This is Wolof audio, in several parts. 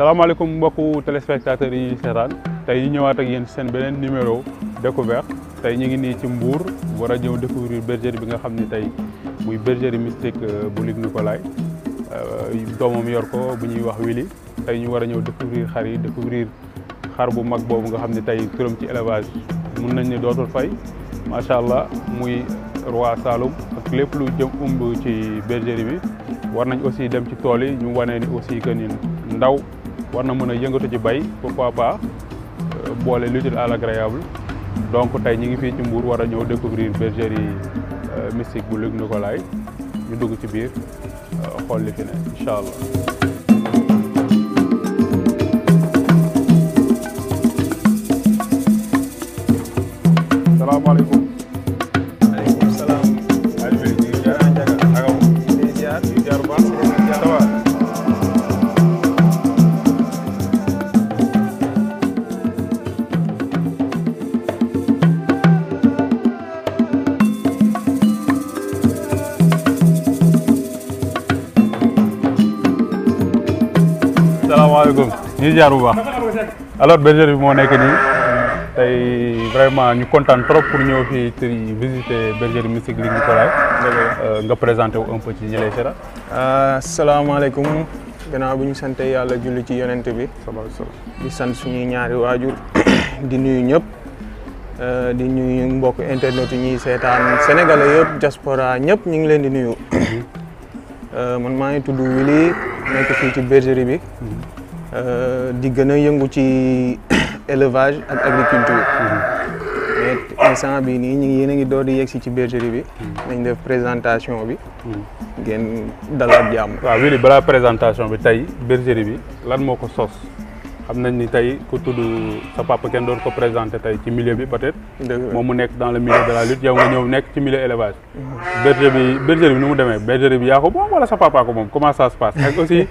assalamualaikum mbokku téléspectateurs yi sétane tay ñu ñëwaat ak yeen sen benen numéro découvert tay ñi ngi ni ci Mbour wara a ñëw découvrir bergerie bi nga xamni tay muy bergerie mystique euh, bu lig Luc euh domam yor ko bu ñuy wax wili tay ñu wara ñëw découvrir xar yi découvrir xar bu mag bobu nga xamni tay turum ci élevage mën nañ ni dootul fay macha allah muy roi salum ak lepp lu jëm umbu ci bergerie bi war nañ aussi dem ci tool yi ñu wané ni aussi que ni ndaw war na mën a yëngatu ci bay pourquoi pas euh, boole l'utile à l'agréable donc tey ñi ngi fii ci mbuur war a ñëw découvrir bergerie euh, mystique bu Luc Nicolaï ñu dugg ci biir euh, xool li fi ne incha allah. salaamaaleykum ngi jaar bu baax alors bergerie bi moo nekk nii tey vraiment ñu kontaan trop pour ñëw fii tey visiter bergerie Mystique Ligue Nicolas euh, nga présenté wu un ci ñi lay seetaan. Euh, asalaamaaleykum bu ñu sante yàlla julli ci yonent bi. di sant suñuy ñaari waajur di nuyu ñëpp. Euh, di nuyu mbokk internet yi ñuy seetaan sénégalais yëpp diaspora ñëpp ñu ngi leen di nuyu. man maa ngi tudd Willy nekk fii ci bergerie bi. Mm-hmm. Euh, di gën yëngu ci élevage ak agriculture. mais instant bi nii ñu ngi yéen ngi door di yegsi ci bergerie bi. nañ def présentation bi. ngeen dalal jàmm. waaw Willy bala présentation bi tey bergerie bi lan moo ko sos xam nañ ni tey ku tudd sa papa kenn doon ko présenté tey ci milieu bi peut-être. moom mu nekk dans le milieu de la lutte yow nga ñëw nekk ci milieu élevage. Mm-hmm. bergerie bi nu mu demee bergerie bi yaa ko moom wala sa papa ko moom comment ça se passe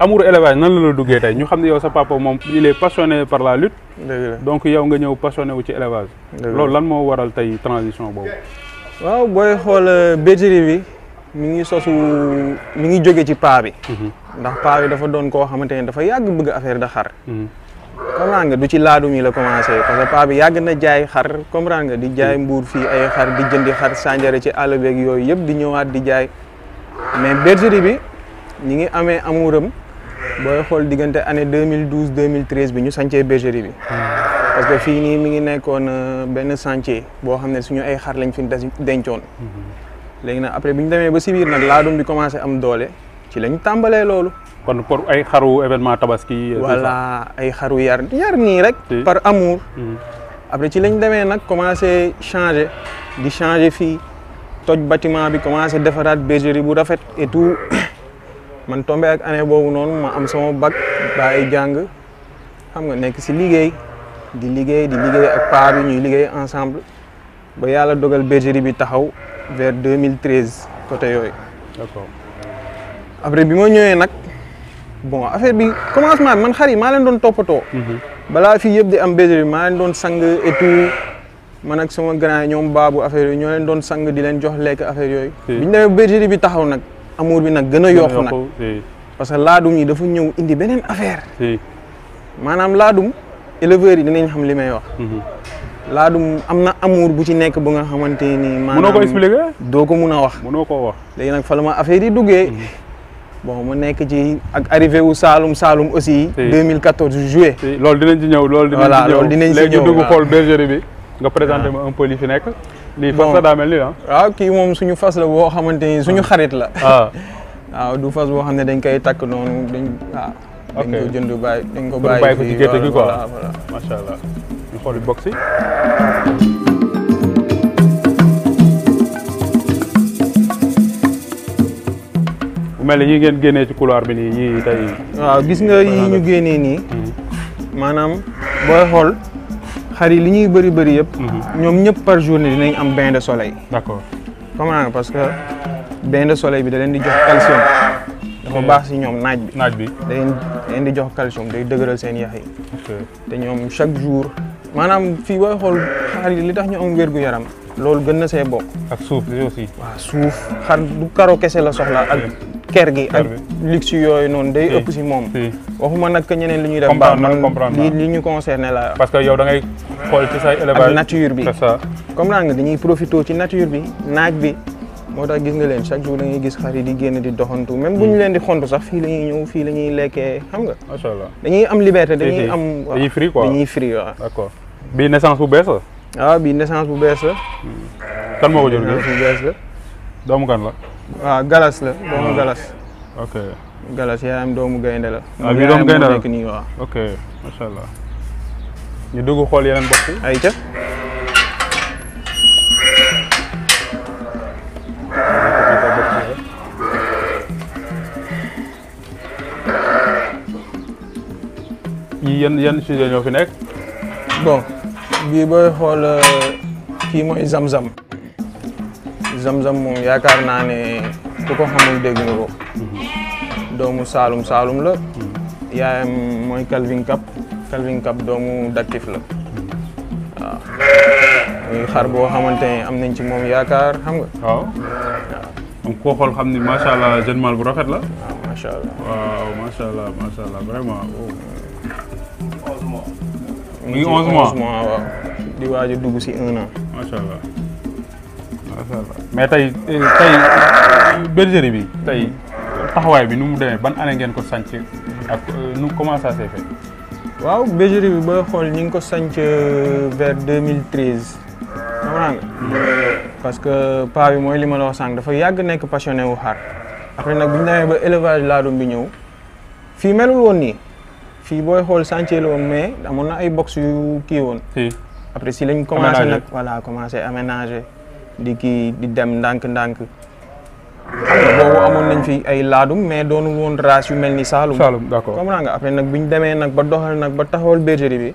amour élevage nan la la duggee tey ñu xam yow sa papa mom il est passionné par la lutte. donc yow nga ñëw passionné wu ci élevage. lool lan mo waral tay transition boobu. waaw boy xool euh, bergerie bi mi ngi sosu mi ngi joggé ci pa bi. Mhm. ndax pa bi dafa doon ko xamante dafa yag bëgg affaire da xar. Mhm. comprendre nga du ci laadum mi la commencé parce que pa bi yag na jaay xar comprendre nga di jaay mhm. mbuur fi ay xar di jëndi xar sànjare ci àll beeg yooyu di ñëwaat di jaay mais bergerie bi ñi ngi amee amuram booy xool diggante année 2012 2013 bi ñu sancee bergerie bi parce que fii nii mi ngi nekkoon euh, benn chantier boo xam ne suñu ay xar lañ fi dencoon léegi nag après bi ñu demee ba si biir nag laadum bi commencé am doole ci lañ tàmbalee loolu kon pour ay xaru événement tabaski euh, voilà ay xaru yar yar nii rek par amour hmm. après ci lañ demee nag commencé changé di changé fii toj bâtiment bi commencé defaraat bergerie bu rafet et tout man tombe ak année boobu noonu ma am sama bac bàyyi jàng xam nga nekk si liggéey di liggéey di liggéey ak paar yi ñuy liggéey ensemble ba yàlla dogal bergerie bi taxaw vers 2013 côté yooyu. d'accord après bi ma ñëwee nag bon affaire bi commencement bi man xar yi maa leen doon toppatoo. Mhm. balaa fi yëpp di am bergerie bi maa leen doon sang et tout man ak sama grand ñoom baabu affaire yooyu ñoo leen doon sang di leen jox lekk affaire yooyu. bi ñu demee bergerie bi taxaw nag. amour bi nag gën a yokku nag parce que laadum yi dafa ñëw indi beneen affaire maanaam laadum éleveurs yi dinañ xam li may wax mhm. laadum am na amur bu ci nekk bu nga xamante ni maanaam mënoo ko expliquer doo ko mun a wax mënoo koo wax léegi nag fa la ma affaire yi duggee mhm. bon mu nekk ci ak arrivé wu Saalum Saalum aussi 2014 juillet loolu dinañ ci ñëw loolu dinañ ci ñëw léegi dugg xool bergerie bi nga présenté ah. ma un peu fi nekk di fas la da mel ni ah. ki mom suñu fas la boo xamanteni suñu ah. xarit la. waaw ah. ah, du fas bo xamne dañ koy tak non dañ. waaw dañ ko jëndu bay dañ ko bay ko ci jëte gi quoi macha allah. ñu xool box yi. bu mel ni ñi ngeen gëné ci couloir bi ni ñii tay waaw gis nga yi ñu gëné ni mm-hmm. manam boy xol xar yi li ñuy bëri bëri yëpp. Mhm. ñoom ñëpp par journée dinañ am bain de soleil. d'accord comment nga parce que bain de soleil bi da leen di jox calcium. dafa baax si ñoom naaj bi. naaj bi da leen di jox calcium day dëgëral seen yax yi. te ñoom chaque jour. maanaam fii booy xool xar yi li tax ñu am wér gu yaram. loolu gën na see bokk. ak suuf bi aussi. waaw suuf xar du karo kese la soxla ak. ker gi ak luxe yooyu noonu day ëpp si moom waxuma nag ñeneen li ñuy def baax man li li ñu concerné la parce que yow da ngay xool ci say élevage ak nature bi comprendre nga dañuy profité ci nature bi naaj bi moo tax gis nga leen chaque jour da ngay gis xar yi di génn di doxantu même bu ñu hmm. leen di xont sax fii la ñëw fii la lekkee xam nga macha dañuy am liberté dañuy am dañuy free quoi dañuy free bii naissance bu bees waaw ah, bii naissance bu bees la. kan moo ko jur naissance bu bees la. doomu kan la. waaw ah, galas la doomu ah, galas. ok galas yaayam doomu gaynde la. waaw bii doomu gaynde la nekk nii waaw. ok ñu dugg xool yeneen bopp yi. ayca. yi yan yan sujet ñoo fi nekk. bon. bii booy xool euh, kii mooy zam-zam zam-zam moom yaakaar naa ne ku ko xamul dégg nga doomu saalum saalum la yaayam mooy Calvin Cap Calvin Cap doomu daktif la waaw muy xar boo xamante ne am nañ ci moom yaakaar xam nga waaw waaw koo xool xam ni macha allah jeune mâle bu rafet la waaw macha allah waaw allah macha vraiment muy onze mois mois waaw. di waaj dugg si un an. macha allah allah mais tey tey bergerie bi tey taxawaay bi nu mu demee ban année ngeen ko sànc ak euh, nu comment ça s'est fait. waaw bergerie bi ba xool ñi ngi ko sànc euh, vers 2013. xam nga mm. parce que paa bi mooy li ma wax sànq dafa yàgg nekk passionné wu xar après nag bu ñu demee ba élevage laadum bi ñëw fii melul woon nii. fii booy xool chantier la woon mais amoon na ay box yu kii woon. après si lañ commencé nag voilà commencé aménager di kii di dem ndànk-ndànk. boobu amoon nañ fi ay laadum mais doonu woon race yu mel ni Saalum. Saalum d'accord comprends nga après nag bu ñu demee nag ba doxal nag ba taxawal bergerie bi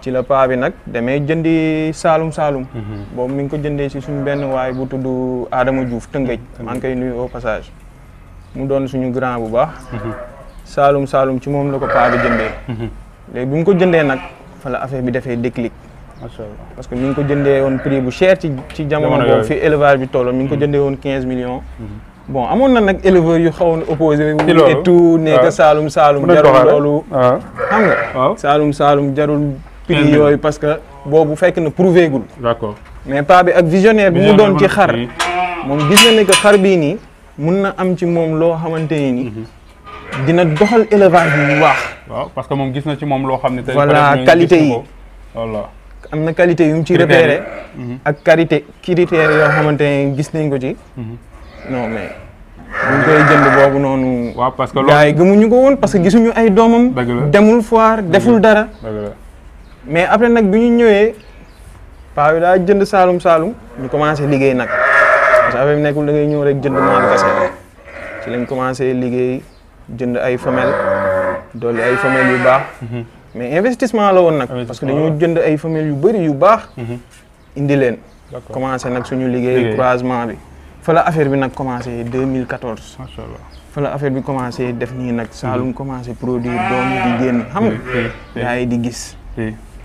ci la paa bi nag demee jëndi Saalum Saalum. Mhm. boobu mi ngi ko jëndee si suñu benn waay bu tudd Adama Diouf Tëngëj. maa ngi koy nuyu au passage mu doon suñu grand bu baax. Mhm. saalum saalum ci moom la ko paa bi jëndee. Mhm. léegi bu mu ko jëndee nag fa la affaire bi defee déclic. macha allah parce que mi ngi ko jëndee woon prix bu cher ci ci jamono boobu bi tolloon mi ngi ko mhm. jëndee woon quinze millions. Mhm. bon amoon na nag éleveurs yu xawoon opposé. ci loolu et tout saalum saalum. jarul loolu xam nga. waaw saalum saalum jarul. prix yooyu parce que boobu fekk na prouvé gul. d'accord mais paa bi ak visionnaire bi mu doon ci xar. moom gis na ne que xar bii nii mun na am ci moom loo xamante ni. dina doxal élevage bi bu waaw parce que moom gis na ci moom loo xam ne. tey voilà qualité yi voilà. am na qualité yu mu ci repéré. Mhm. ak qualité critères yoo xamante ne gis nañ ko ci. Mhm. non mais. buñ koy jënd boobu noonu. waaw parce que loolu gëmuñu ko woon parce que gisuñu ay doomam. demul foire deful dara. mais après nag bi ñu ñëwee. paa bi daa jënd saalum saalum ñu commencé liggéey nag parce que affaire nekkul da ngay ñëw rek jënd maal kese ci lañ commencé liggéey. jënd ay femelle doole ay femelle yu baax mhm. mais investissement la woon nag parce que dañoo jënd ay femelle yu bëri yu baax mhm. indi leen commencé nag suñu liggéey croisement bi fa la bi nag commencé 2014 macha allah fa la affaire bi commencé def nii nag mhm. Saalum commencé produire doom yi di génn xam nga yaa yi di gis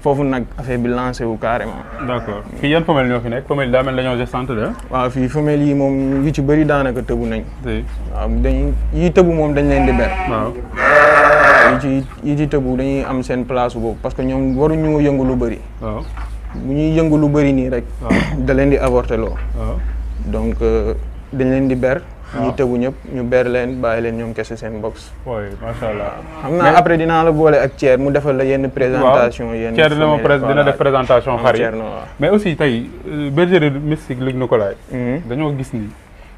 fofu nak affaire bi lancer wu carrément. d'accord fi fii femel femelle ñoo fi nekk femelle daa mel ne jé centre de. Ah? wa fi femel yi mom yu ci bari danaka tëbu nañ. waaw dañ yi tëbu mom dañ leen di ber. waaw. yi ci yi ci tëbu dañuy am sen place boobu parce que waru ñu yëngu lu bari waaw bu ñuy yëngu lu bari ni rek. da leen di lo loo. donc euh, dañ leen di ber. ñu tegu ñëpp ñu ber leen bàyyi leen ñoom kese seen box. oui macha allah. xam naa après dinaa la boole ak Thierry mu defal la yenn présentation. yenn Thierry dina ma def présentation xar mais aussi tey euh, bergerie mystique Luc Nicolaï. Mhm. dañoo gis ni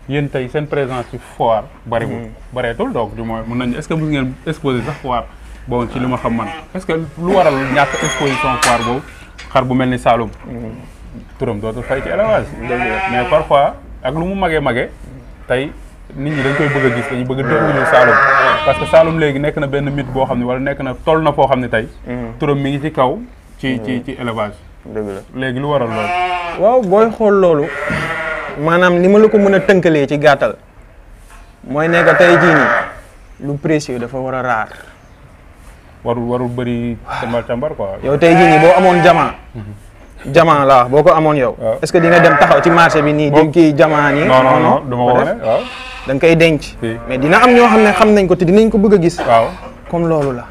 yéen tey seen présence ci foire. bariwul mhm. bareetul donc du moins mun nañu est ce que mos ngeen exposé sax foire. bon ci lu ma xam man est ce que lu waral ñàkk exposition foire boobu xar bu mel ni Saloum. Mhm. turam dootul fay ci élevage. mais parfois ak lu mu magee magee nit ñi dañ koy bëgg a gis dañu bëgg a déglu Saloum ah. parce que Saloum léegi nekk na benn mythe boo xam ne wala nekk na toll na foo xam ne tey hmm. turam mi ngi ci kaw ci hmm. ci ci élevage dëgg la léegi lu waral loolu waaw booy xool loolu maanaam li ma la ko mën a tënkalee ci gàttal mooy nekk tey jii lu précieux dafa war a raar warul warul bëri tambar tambar quoi yow tey jii nii boo amoon jamaa hmm. jamaa la boo ko amoon yow ah. est-ce que di dem taxaw ci marché bi nii di ki jamaa danga nga koy denc. mais dina am ñoo xam ne xam nañ ko te dinañ ko bëgg a gis. waaw comme loolu la.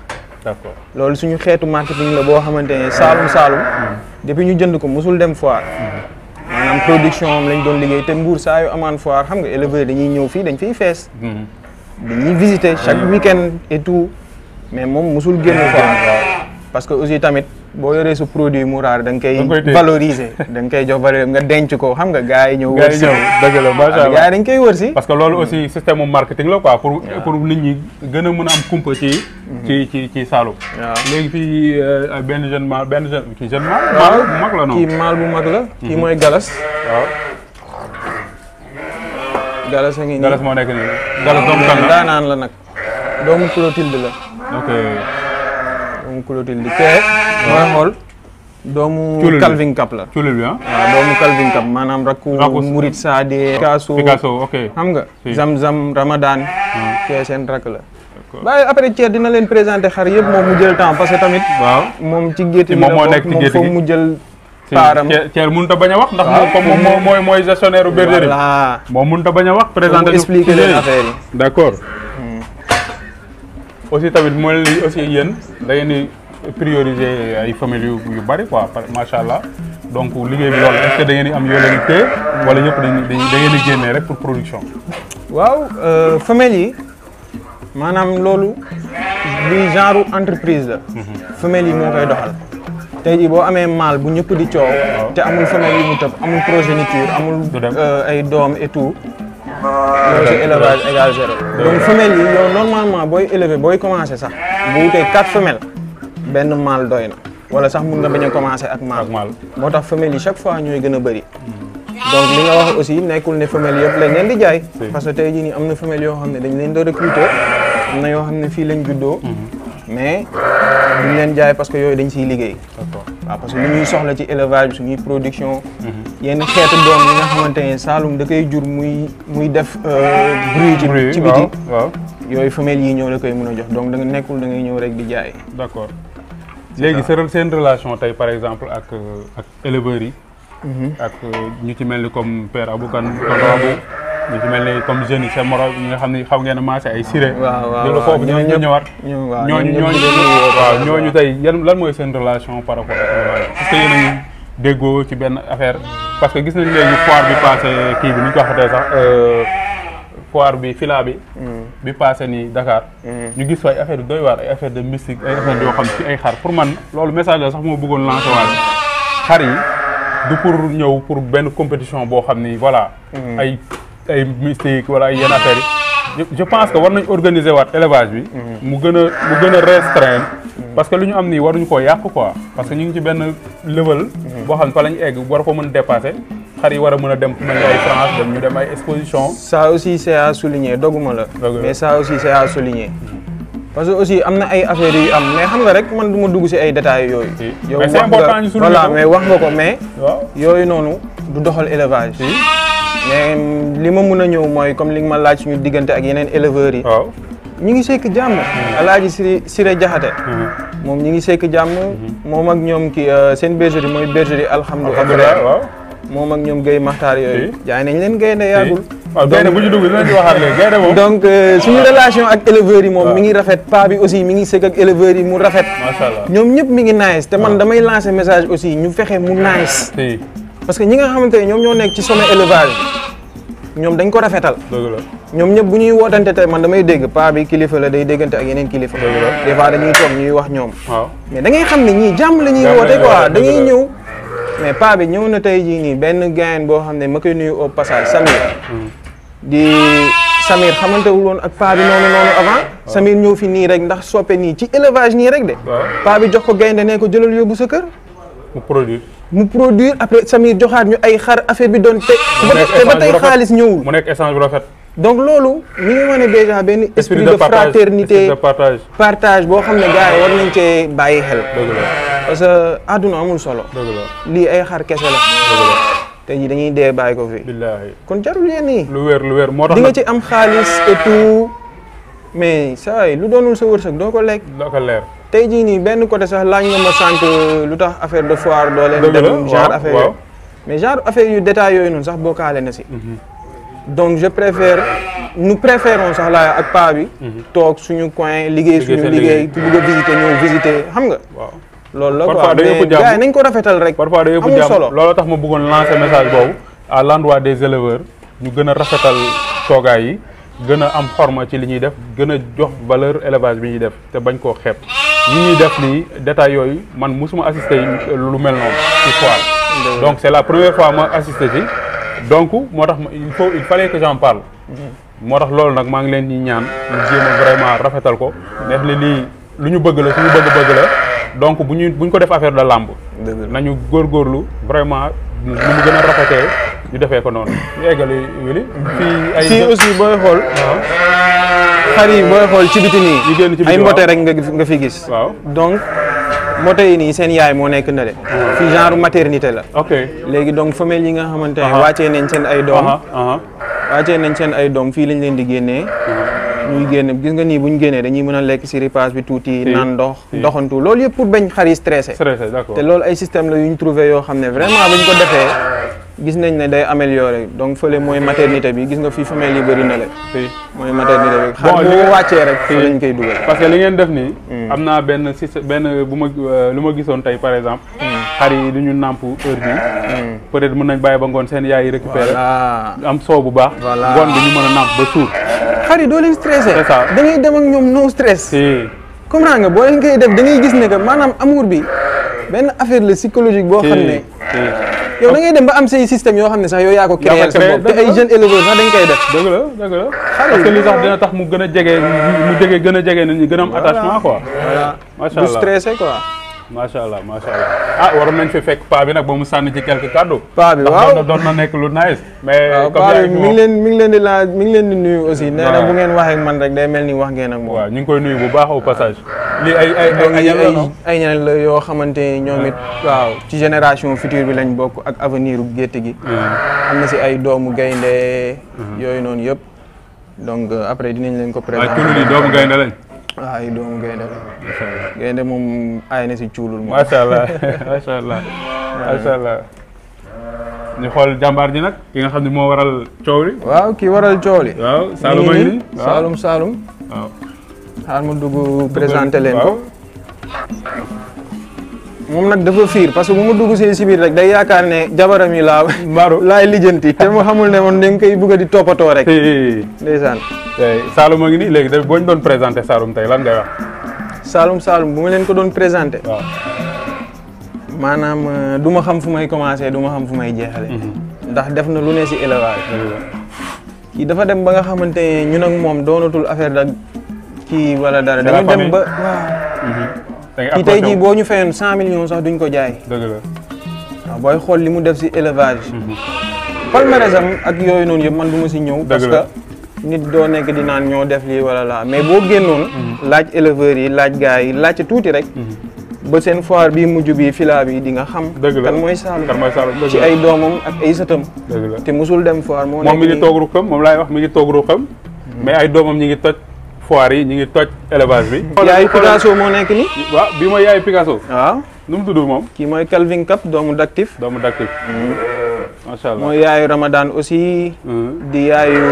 d'accord loolu suñu xeetu marketing la boo xamante ne saalum saalum. Mm-hmm. depuis ñu jënd ko mosul dem foire. Mm-hmm. maanaam production am lañ doon liggéey te Mbour saa yu amaan foire xam nga éleveur dañuy ñëw fii dañ fiy fees. Mm-hmm. dañuy visiter chaque week-end et tout mais moom mosul génn foire. parce que aussi tamit. boo yore su produit mu raar da nga koy valoriser da nga koy jox valeur nga denc ko xam nga gars yi ñëw wër si dëgg la macha allah gars yi dañ koy wër si parce que loolu mm. aussi système marketing la quoi pour pour nit ñi gën a mën a am kumpa ci mm-hmm. ci ci ci Saloum léegi fii euh, benn jeune benn jeune kii jeune mal maal bu mag la kii mag la kii mooy galas waaw galas a ngi nii galas moo nekk nii galas doomu kan la la nag doomu Clotilde Raymond eh, domu Calvin Kaplan cuule bi ya? ah domu Calvin Kap maanaam rakku ya. Murid Saade oh, Picasso Picasso ok xam nga Zamzam Ramadan ah. kee seen rakk la waaye après Thier dina leen présenter xar yëpp moom mu jël temps parce que tamit waaw moom ci gétt gi moom moo Mau ci mau mau moom mu jël paaram Mau mënut a bañ a wax ndax moom comme moom mooy mooy gestionnaire u bergerie voilà moom mënut a bañ a wax présenter expliquer iya. leen affaire yi d' accord aussi hmm. tamit mooy aussi yéen da ngeen di prioriser ay famille yu bari quoi macha allah donc liggéey bi loolu est que da ngeen di am yoo leen di téye wala ñëpp dañuy da di génnee rek pour production. waaw euh, femelles maanaam loolu luy genre entreprise la. Mhm. femelles yi moo koy doxal. tey jii boo amee mâle bu ñëpp di coow. te amul femelle yu mu tëb amul progéniture amul. Euh, ay doom et tout. loolu c'est élevage égal donc femelles yow normalement booy élever booy commencer sax. bu wutee quatre femelles. ben mal doyna wala sax mën nga bañu a commencé ak mal moo tax femelle yi chaque fois ñoy gëna bari donc li nga wax aussi nekul ne femelle yëpp lañ leen di jaay parce que tay jii nii am na femelle yoo xam dañ leen do recruter amna yo yoo fi lañ juddoo mhm. mais duñ leen jaay parce que yoy dañ ci liggéey d'accord parce que li ñuy soxla ci élevage suñu production mhm. yenn xéetu doom yi nga xamante ne Saalum da kay jur muy muy def euh bruit ci biti waaw yoy femelle yi ñoo la koy mëna jox donc da nga nekul da ngay ñew rek di jaay d'accord léegi seen seen relation tey par exemple ak ak éleveurs yi. Mhm. ak ñu ci mel ni comme père Aboukan tonton Abou ñu ci mel ni comme jeunes yi seen morom ñi nga xam ne xaw ngeen a maase ay siré. waaw waaw waaw ñu ñëwaat. ñooñu ñooñu waaw tey yan lan mooy seen relation par rapport parce que yéen a déggoo ci benn affaire parce que gis nañ léegi foire bi passé kii bi ni ñu ko waxatee sax. Euh, foire bi fila bi. Mm. bi paase nii Dakar. Mm. ñu gis fay affaire doy waar ay affaire de mystique ay affaire yoo xam ci ay xar pour man loolu message la sax moo bëggoon lancé waale xar yi du pour ñëw pour benn compétition boo xam ni voilà. Mm. ay ay mystique wala ay yenn affaires yi. je pense que war nañ organiser waat élevage bi. mu gën a mu gën a restreindre. parce que lu ñu am nii war waruñu koo yàq quoi parce que ñu ngi ci benn level. boo xam ne fa lañ egg war ko mën dépasser. xar yi war a mën a dem fu France dem ñu dem ay exposition saa aussi c'est à souligner la mais ça aussi c'est parce que aussi am na ay affaires yu am mais xam nga rek man du ma dugg si ay détails yooyu yow wax nga voilà mais wax nga ko mais yooyu noonu du doxal élevage mais li ma mun a ñëw mooy comme li nga ma laaj suñu diggante ak yeneen éleveurs yi ñi ngi sekk jàmm hmm. alaaji Siré Siré Jaxate hmm. moom ñi ngi sekk jàmm hmm. moom ak ñoom ki euh, seen bergerie mooy bergerie alhamdulilah moom ak ñoom gay Maxtaar yooyu. jaay nañ leen gaynde yàggul. waaw ah, gaynde bu ñu dugg dinañ ci waxaat léegi donc euh, suñu relation ak éleveurs moom ah. mi ngi rafet pa bi aussi mi ngi sëg ak éleveurs yi mu rafet. ñoom ñëpp mi ngi nice te man ah. damay lancer message aussi ñu fexe mu nice. parce que ñi nga xamante ne ñoom ñoo nekk ci sommet élevage ñoom dañ ko rafetal. dëgg la ñoom ñëpp bu ñuy wootante tey man damay dégg pa bi kilifa la day déggante ak yeneen kilifa. dëgg la des fois dañuy toog ñuy wax ñoom. waaw mais da ngay xam ne ñii jàmm la ñuy woote quoi dañuy ñëw mais paa bi ñëw na tey jii nii benn gain boo xam ne ma koy nuyu au passage Samir. di Samir xamantewul woon ak paa bi noonu noonu avant. Samir ñëw fi nii rek ndax soppe nii ci élevage nii rek de. paa bi jox ko gaynde ne ko jëlal yóbbu sa kër. mu produire. mu produire après Samir joxaat ñu ay xar affaire bi doon te. te ba tey xaalis ñëwul. mu nekk échange bu donc loolu ñu ngi ne déjà benn esprit de fraternité partage boo xam ne gars yi war nañ cee bàyyi xel. parce que àdduna amul solo. lii ay xar kese la. te ji dañuy dee bàyyi ko fi. billaahi kon jarul yenn yi. lu weer lu wér moo tax di nga ci am xaalis et tout. mais saa yi lu doonul sa wërsëg doo ko lekk. doo ko tey jii nii benn côté sax laaj nga ma sant lu tax affaire de foire doo leen. dem genre affaire mais genre affaire yu détail yooyu noonu sax boo bokkaale na si. Mhm. donc je préfère nous préférons sax laay ak paa bi. Mhm. toog suñu coin liggéey suñu liggéey ku bëgg xam nga. waaw loolu la quoi mais gars yi nañ ko rafetal rek. parfois da yëfu jàmm looloo tax ma bëggoon lancer message boobu à l'endroit des éleveurs ñu gën rafetal toogaay yi gën am xorma ci li ñuy def gën a jox valeur élevage bi ñuy def te bañ koo xeeb ñi ñuy def nii détail yooyu man musuma assister lu mel noonu ci foire donc c'est la première fois ma assister ci donc moo il faut il fallait que j'en parle moo tax loolu nag maa ngi leen di ñaan ñu jéem a vraiment rafetal ko neex ne lii lu ñu bëgg la suñu bëgg-bëgg la donc bu ñu bu ko def affaire de làmb nañu góorgóorlu vraiment nu mu gën a rafetee ñu defee ko noonu ñu eggali wili fii aussi booy xool ah. xar yi booy xool ci biti nii yu génn ci ay mbote rek nga fi gis waaw donc mbote yi nii seen yaay moo nekk na de ah. fii genre maternité la ok léegi donc femelle yi nga xamante ne wàccee nañ seen ay doom wàccee nañ seen ay doom fii lañ leen di génnee ñuy génn gis nga nii bu ñu génnee dañuy mën a lekk si repas bi tuuti naan ndox doxantu loolu yëpp pour bañ xar te loolu ay système la yu ñu trouvé yoo xam ne vraiment bu ñu ko defee gis nañ ne day amélioré donc fële mooy maternité bi gis nga fii femelle yi bëri na la mooy maternité bi xar boo wàccee rek fii lañ koy dugal parce que li ngeen def nii hmm. am naa benn benn bu ma euh, lu ma gisoon tey par exemple hmm. xar yi du ñu nàmp heure bi hmm. peut être mën nañ bàyyi ba ngoon seen yaay yi récupéré am soow bu baax ngoon bi ñu mën a nàmp ba suur xar yi doo leen stressé da ngay dem ak ñoom no stress comprends nga boo leen koy def da ngay gis ne que maanaam amour bi benn affaire la psychologique boo xam ne yow da ngay dem ba am say système yoo xam ne sax yow yaa ko créé sa bopp te ay jeunes éleveurs sax dañ koy def dëgg la dëgg la parce que tax mu gën a jege mu jege gën a jege nit ñi gën a am attachement quoi macha allah bu stressé Masha allah Masha allah ah waroon nañ fi fekk paa bi nag ba mu ci quelques cadeaux. paa bi waaw ndax doon na nekk lu nice. mais paa bi mi ngi leen mi ngi leen di laaj mi ngi leen di nuyu aussi. nee bu ngeen waxee man rek day mel wax ngeen ak moom. waaw ñu koy nuyu bu baax au passage. lii ay ay ay ay ay ñeneen la yoo xamante ni waaw ci génération future bi lañ bokk ak avenir bu gi. Ah. am na ay doomu gaynde ah. yooyu noonu yëpp donc euh, après dinañ leen ko. présenté waaw doomu gaynde lañ. ay doomu gaynde la. macha moom aay na si cuulul moom. macha allah macha allah macha xool jàmbaar ji nag ki nga xam ne moo waral coow li. waaw kii waral coow li. waaw Saalum ay Saalum Saalum. waaw. xaar ma présenté leen mom nak dafa fiir parce que bu dugg see si biir rek day yakar ne jabaram yi laa mbaaru laay lijjanti te mo xamul ne mon ne ngay bëgg di topato rek ndeysaan eh, salum a ngi ni legui dafa boñ doon présenter salum tay lan ngay wax salum salum bu ma leen ko doon présenter ya. manam duma xam fumay commencé xam fumay jéxalé mhm. ndax def na lu ne si élevage iya. ki dafa dem ba nga xamante ñun ak mom doonatul affaire da ki wala dara dañu dem ba mhm. ci tey jii boo ñu fayoon cent millions sax duñ ko jaay. dëgg la booy xool li mu def si élevage. Mhm. palmarès am ak yooyu noonu yëpp man du ma si ñëw. parce que nit doo nekk di naan ñoo def lii wala laa mais boo génnoon. Mhm. laaj éleveurs yi laaj gars yi laaj tuuti rek. Mhm. ba seen foire bi mujj bii fila bi di nga xam. dëgg la kan mooy Saalum kan mooy Saalum ci ay doomam ak ay sëtam. dëgg la te musul dem foire moo moom mi ngi toog moom laay wax mu ngi toog ruqam. mais ay doomam ñi ngi toj. foire yi ñu ngi toj élevage bi. yaay Picasso moo nekk ni waaw bi mooy yaay Picasso. waaw nu mu tudd moom. kii mooy Calvin Cap doomu Dactif. doomu Dactif. Mm. macha allah mooy yaayu Ramadan aussi. Mm. di yaayu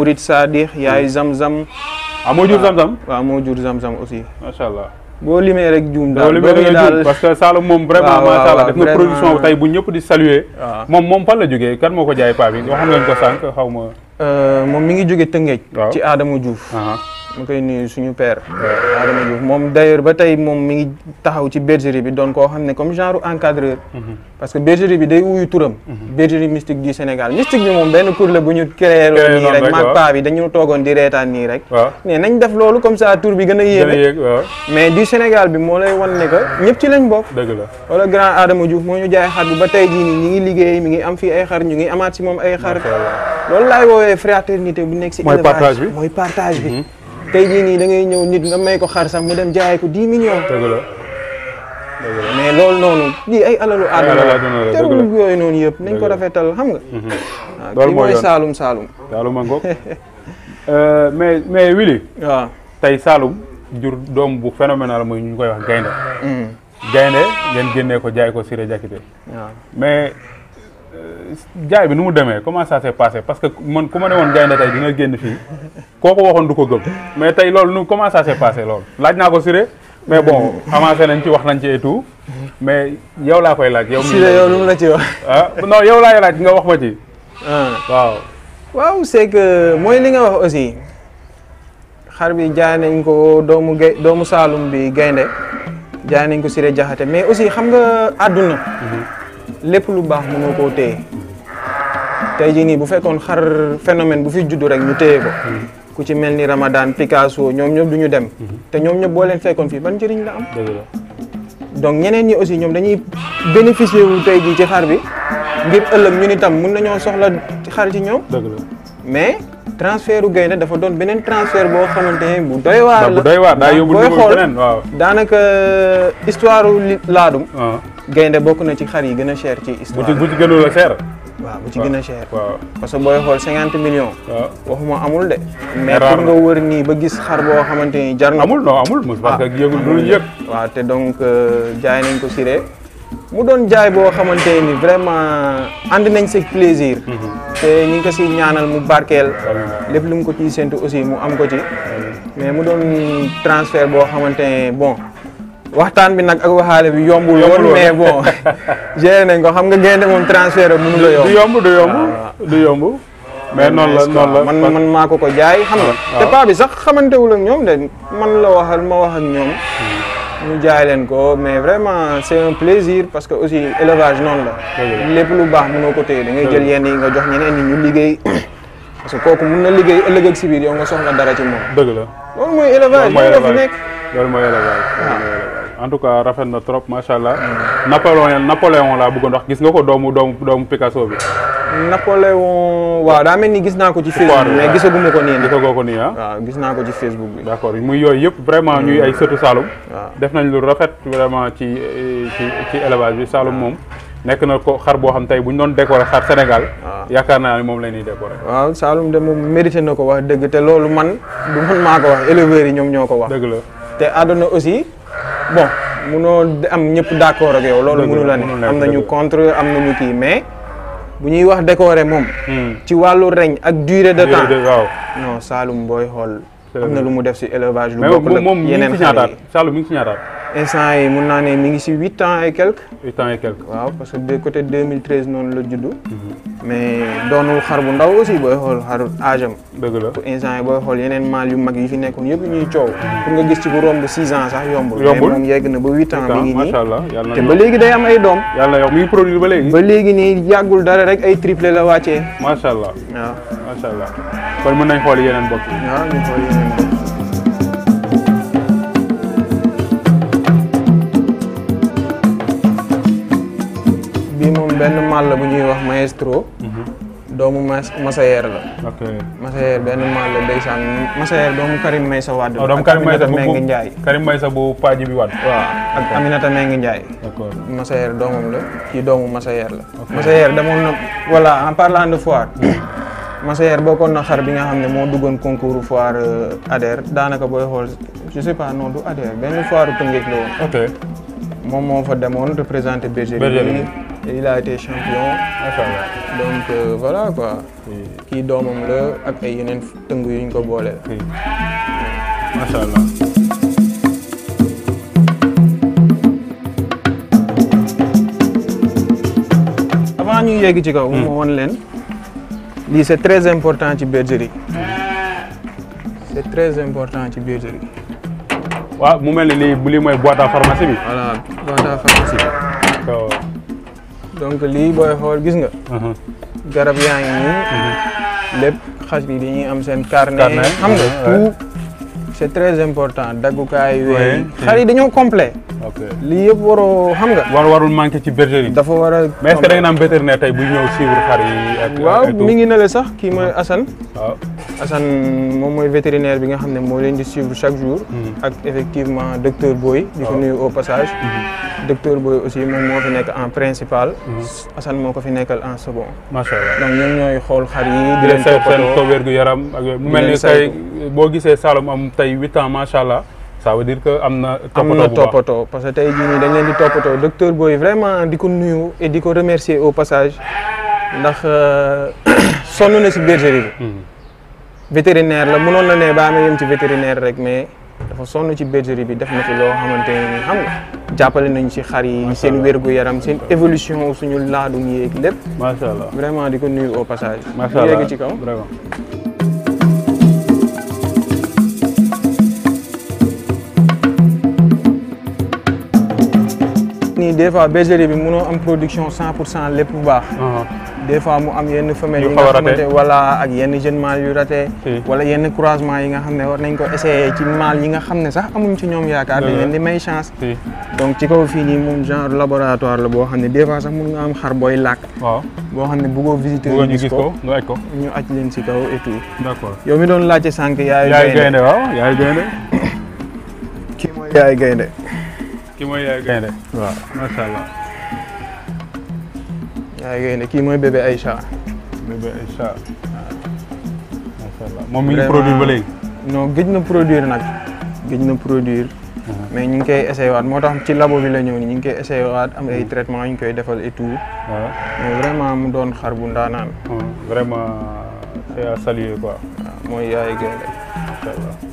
Murid Sadikh yaayu Zamzam. ah moo jur Zamzam. waaw moo jur Zamzam aussi. macha allah. boo limee rek juum daal parce que Saloum moom vraiment macha allah bu ñëpp di saluer. moom moom fan la jógee kan moo ko jaay paa bi waxoon ngeen ko sànq xaw ma. Euh, moom mi ngi jóge Tëngéej. ci Adama Diouf. ma koy nuyu suñu père Adama Diouf moom d'ailleurs ba tey moom mi ngi taxaw ci bergerie bi doon koo xam ne comme genre encadreur mhm. parce que bergerie bi day uyu turam mhm. bergerie mystique du Sénégal mystique bi moom benn kuréel bu ñu créé nii rek maag paa bi dañu toogoon di reetaan nii rek mais nañ def loolu comme ça tur bi gën a yéeme mais du Sénégal bi moo lay wan ne que ñëpp ci lañ bokk dëgg la wala grand Adama Diouf moo ñu jaay xar bi ba tey jii nii ngi liggéey mi ngi am fii ay xar ñu ngi amaat si moom ay xar loolu laay woowee fraternité bu nekk si élevage mooy partage bi mhm. tey jii nii da ngay ñëw nit nga may ko xar sax mu dem jaaye ko 10 millions. dëgg la dëgg mais loolu noonu. lii ay alalu àdduna la terul yooyu noonu yëpp nañ ko rafetal xam nga. Mhm. Ah, loolu mooy yoon Saalum Saalum. Saalum euh, mais mais Wily. waaw ah. tey Saalum jur doom bu phénoménal mooy ñu ngi koy wax gaynde mm. gaynde ngeen génnee ko jaay ko Siré Diakité. waaw ah. mais. jaay euh, bi nu mu demee comment ça s'est parce que man ku ma ne woon gaynde tey dina génn fii kooku waxoon du ko gëm mais tey loolu nu comment ça s'est passé loolu laaj naa ko Siré mais bon avancé nañ ci wax nañ ci et mais yow laa koy laaj. yow Siré yow lu mu la ci wax. ah non yow laay laaj nga wax ma ci. Ah. waaw. waaw c'est mooy li nga wax aussi xar bi jaay nañ ko doomu gay doomu Saalum bi gaynde jaay nañ ko siree Jaxate mais aussi xam nga àdduna. Mhm. lépp lu baax mënoo ko téye tay jii nii bu fekkoon xar phénomène bu fi juddu rek ñu téye ko ku ci mel ni Ramadan Picasso ñoom ñëpp du ñu dem te ñoom ñëpp boo leen fekkoon fii ban njëriñ la am donc ñeneen ñi aussi ñoom dañuy bénéficier wu tey jii ci xar bi ngir ëllëg ñu ni tam mun nañoo soxla xar ci ñoom mais transfert Gaynde dafa doon beneen transfert boo xamante ne bu doy waar la bu doy waar daa yóbbu xool waaw daanaka euh, histoire laadum ah. Gaynde bokk na ci xar yi gën a cher ci histoire bu ci gënul a cher waaw bu ci gën a cher parce que booy xool cinquante ah. waxuma amul de mais pour nga wër nii ba gis xar boo xamante ni jar nga amul non amul parce que ah. yëgul lu ñu waa te donc euh, jaay nañ ko siree mu doon jaay boo xamante ni vraiment ànd nañ si plaisir. Mhm. te ñu ngi ko si ñaanal mu barkeel. lépp lu mu ko ciy séntu aussi mu am ko ci. mais mu doon transfert boo xamante ne bon. waxtaan bi nag ak waxaale bi yombu woon mais bon géré nañ ko xam nga gaynde moom transfert mënu la yomb du yomb du yomb du yomb mais noonu la noonu la man man maa ko ko jaay xam nga te paa sax xamantewu ak ñoom de man la waxal ma wax ak ñoom hmm. ñu jaay leen ko mais vraiment c' est un plaisir parce que aussi élevage noonu la. lépp lu baax mu ko téye da ngay jël yenn yi nga jox ñeneen ñi ñu liggéey. parce que kooku mun na liggéey ëllëg ak si biir yow nga soxla dara ci moom. dëgg la loolu mooy élevage loolu mooy élevage loolu mooy ah. élevage en tout cas rafet na trop macha allah. Mm. Napoléon Napoléon laa bëggoon wax gis nga ko doomu doomu doomu Picasso bi. Napoléon waaw daa mel ni gis naa ko ci Facebook mais gisaguma ko nii gisagoo ko nii ah waaw gis naa ko ci Facebook bi d'accord muy yooyu yëpp vraiment ñuy ay sëtu Saloum waaw nañ lu rafet vraiment ci ci ci élevage bi Saloum moom nekk na ko xar boo xam tey bu ñu doon décorer xar Sénégal yaakaar naa ne moom la ñuy décorer waaw Saloum de moom mérité na ko wax dëgg te loolu man du man maa ko wax éleveurs yi ñoom ñoo ko wax dëgg la te àdduna aussi bon munoo am ñëpp d'accord ak yow loolu mënu la ne am ñu contre am na nañu kii mais bu ñuy wax décoré moom. Hmm. ci wàllu reñ ak durée de temps waaw. saalum Saloum booy xool. am na lu mu def si élevage. lu bokk la yeneen xale yi mi ngi si instant yi mun naa ne mi ngi si huit ans et quelques. huit ans et quelques. waaw parce que de côté 2013 noonu la judd. Mhm. mais doonul xar bu ndaw aussi booy xool xaru âge am. dëgg la pour instant yi booy xool yeneen maal yu mag yi fi nekkoon yëpp ñuy coow. pour nga gis ci bu romb six ans sax yombul. yombul mais moom yegg na ba huit ans. mi ngi nii te ba léegi day ay doom. ba léegi. nii yàggul dara rek ay triplé la wàccee. macha allah waaw macha allah kon mën nañ xool yeneen bopp yi. waaw benn màll bu ñuy wax maestro. doomu Massayer la. ok Massayer benn màll ndeysaan Massayer doomu Karim Maysa Wade. waaw oh, doomu Karim Maysa bu Karim Maysa bu Paaji bi Wade. waaw ak Aminata Mbengue Ndiaye. d'accord Massayer doomam la kii doomu Massayer la. Massayer demoon na voilà en parlant de foire. Massayer bokkoon na xar bi nga xam ne moo duggoon concours foire euh, ADER daanaka booy xool je sais pas non du ADER benn foire Tëngéej la woon. ok moom moo fa demoon représenté bergerie bi Et il a été champion. Donc euh, voilà quoi. qui dorme le après il y tëngu yu ñu ko booleel. avant allah. avant ñuy yegg ci kaw. mu hmm. woon leen. c'est très important ci bergerie. c'est très important ci bergerie. waaw mu mel ni lii bu boîte à pharmacie bi. voilà boîte à pharmacie d'accord donc lii booy xool gis nga. Uh-huh. garab yaa ngi nii. Uh-huh. lépp xas bi dañuy am seen. carnet xam nga uh-huh, tout. c' est très important daggukaay. oui xar yi dañoo complet lii yëpp waroo xam nga. war warul manqué ci bergerie. dafa war a mais est ce que vétérinaire tey bu ñëw suivre xar yi ak. waaw mi ngi ne sax kii mooy ah. assan waaw ah. moom mooy vétérinaire bi nga xam ne moo leen di suivre chaque jour. Hmm. ak effectivement docteur Boy. di ko ah. nuyu au passage. Hmm. docteur Boy aussi moom moo fi nekk en principal. Hmm. Assane moo ko fi nekkal en second. macha allah donc yi. di leen toppatoo di yaram ak yooyu. mel ni tey boo gisee Saloum am tey huit ans macha allah. ça veut dire que amna topoto topoto parce que tey jii nii dañ leen di topoto docteur boy vraiment diko nuyu et diko remercier au passage ndax euh, sonu na ci bergerie bi. Mhm. vétérinaire la mënoon la né ba ma yëm ci vétérinaire rek mais dafa sonn ci bergerie bi def na ci loo xamante ne xam nga jàppale nañ ci xar yi seen wér yaram seen évolution suñu laadum yeeg lépp. macha allah vraiment di ko nuyu au passage. macha allah yegg ci kaw. vraiment nii des fois bergerie bi mënoo am production lépp baax uh-huh. des mu am yenn femelles yi nga xamante wala ak yenn jeune mâle yu raté wala yenn croisement yi nga xam ne war nañ ko essayer ci mâle yi nga xam ne sax amuñ ci ñoom yaakaar dañ leen di may chance donc ci kaw fii nii moom genre laboratoire la boo xam ne des fois sax mën nga am xar booy làkk boo xam ne bëggoo visiteur ñu ko ñu aj leen si kaw et tout doon laajte sànq yaayu gaynde kii mooy yaayu gaynde ki mooy yaay gaynde waaw macha allah. yaay kii mooy bébé ay bébé Aïcha moom mi ngi produire ba léegi. non gëj na produire nag. gëj na produire. Uh-huh. mais ñu ngi koy essayé waat moo tax ci labo bi la ñëw ni ñu ngi koy essayé waat am ay uh-huh. traitement ñu koy defal et tout. mais vraiment mu doon xar bu ndaanaan. Uh-huh. vraiment c'est à saluer mooy yaay gaynde macha allah.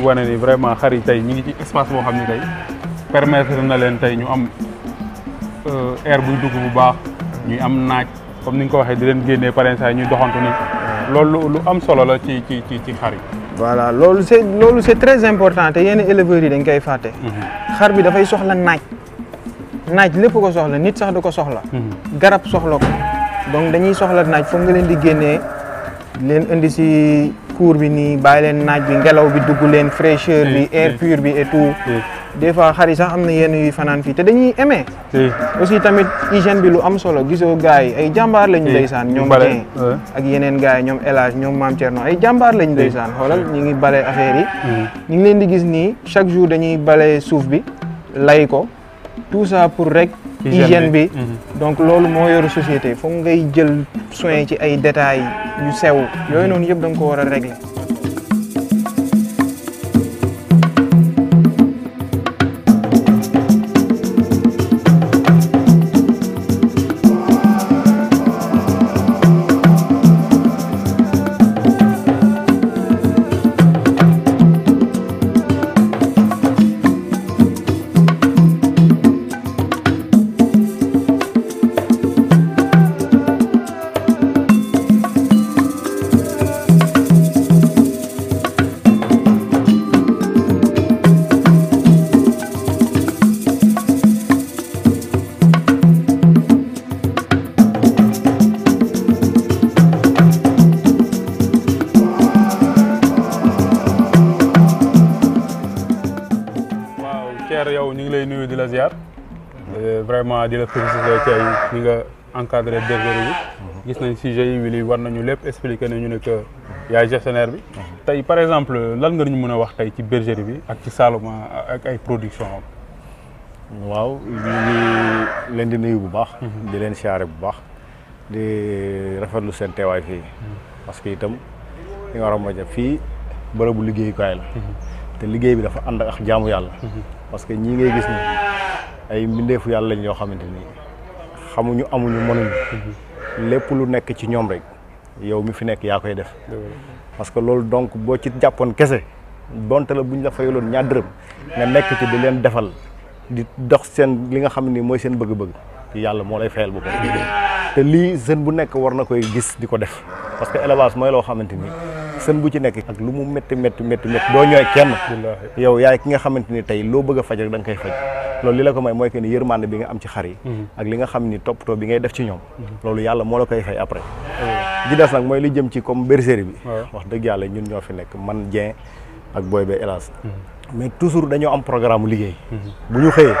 pour wane ni vraiment xar yi tey ñu ngi ci espace boo xam ne tey permettre na leen tey ñu am euh, air buy dugg bu baax ñuy am naaj comme ni nga ko waxee di leen génnee parents ñuy doxantu ni loolu lu am solo la ci ci ci ci xar yi. voilà loolu c'est loolu c'est très important te yenn yi dañ koy fàtte. Mhm. xar bi dafay soxla naaj. naaj lépp ko soxla nit sax da ko soxla. Mhm. garab soxla ko donc dañuy soxla naaj foog nga leen di génnee leen indi cours bi nii bàyyi leen naaj bi ngelaw bi dugg leen fraîcheur bi eh, air eh. pur bi et tout eh. des fois xar sax am na yenn yuy fanaan fii te dañuy aimé aussi tamit hygiène bi lu am solo gisoo gars yi ay jàmbaar lañu saan ñoom tey ak yeneen gars yi ñoom El ñoom Maam Thierno ay jàmbaar lañu ndeysaan xoolal ñu ngi bale affaire yi ñu ngi leen di gis nii chaque jour dañuy bale suuf bi lay ko tout pour rek hygiène bi mhm. donc loolu moo yoru société foog ngay jël soin ci ay détails yu sew yooyu noonu yëpp da ko war a régler ñi nga encadré bergerie yi mhm. gis nañ sujet yi wili war nañu lépp expliqué nañu ne que yaay gestionnaire bi mhm. tey par exemple lan nga ñu mën a wax tey ci bergerie bi ak ci Saloum ak ay production waaw ñu ngi leen di nuyu bu baax mhm. di leen siyaare bu baax di rafetlu seen teewaay fii parce que itam li nga war a mën a fii bërëbu liggéeyukaay la te liggéey bi dafa ànd ak jaamu yàlla parce que ñii ngay gis ni ay mbindeefu yàlla lañ yoo xamante nii xamuñu amuñu mënuñu lépp lu nekk ci ñoom rek yow mi fi nekk yaa koy def parce que loolu donc boo ci jàppoon kese donte bu ñu la fayaloon ñaar dërëm nga nekk ci di leen defal di dox seen li nga xam ni mooy seen bëgg-bëgg yàlla moo lay fayal bu ko te lii jeune bu nekk war na koy gis di ko def parce que élevage mooy loo xamante ni sën bu ci nekk ak lu mu métti métti métti boo doo ñooy kenn yow yaay ki nga xamante ni tey loo bëgg a faj rek da nga koy faj loolu li la ko may mooy que ni yërmande bi nga am ci xar yi mhm. ak li nga xam ni toppatoo bi ngay def ci ñoom mhm. loolu yàlla moo la koy fay après di des nag mooy li jëm ci comme bergerie bi wax dëgg yàlla ñun ñoo fi nekk man Dieng ak booy Bey Elas mhm. mais toujours dañoo am programme liggéey bu ñu xëyee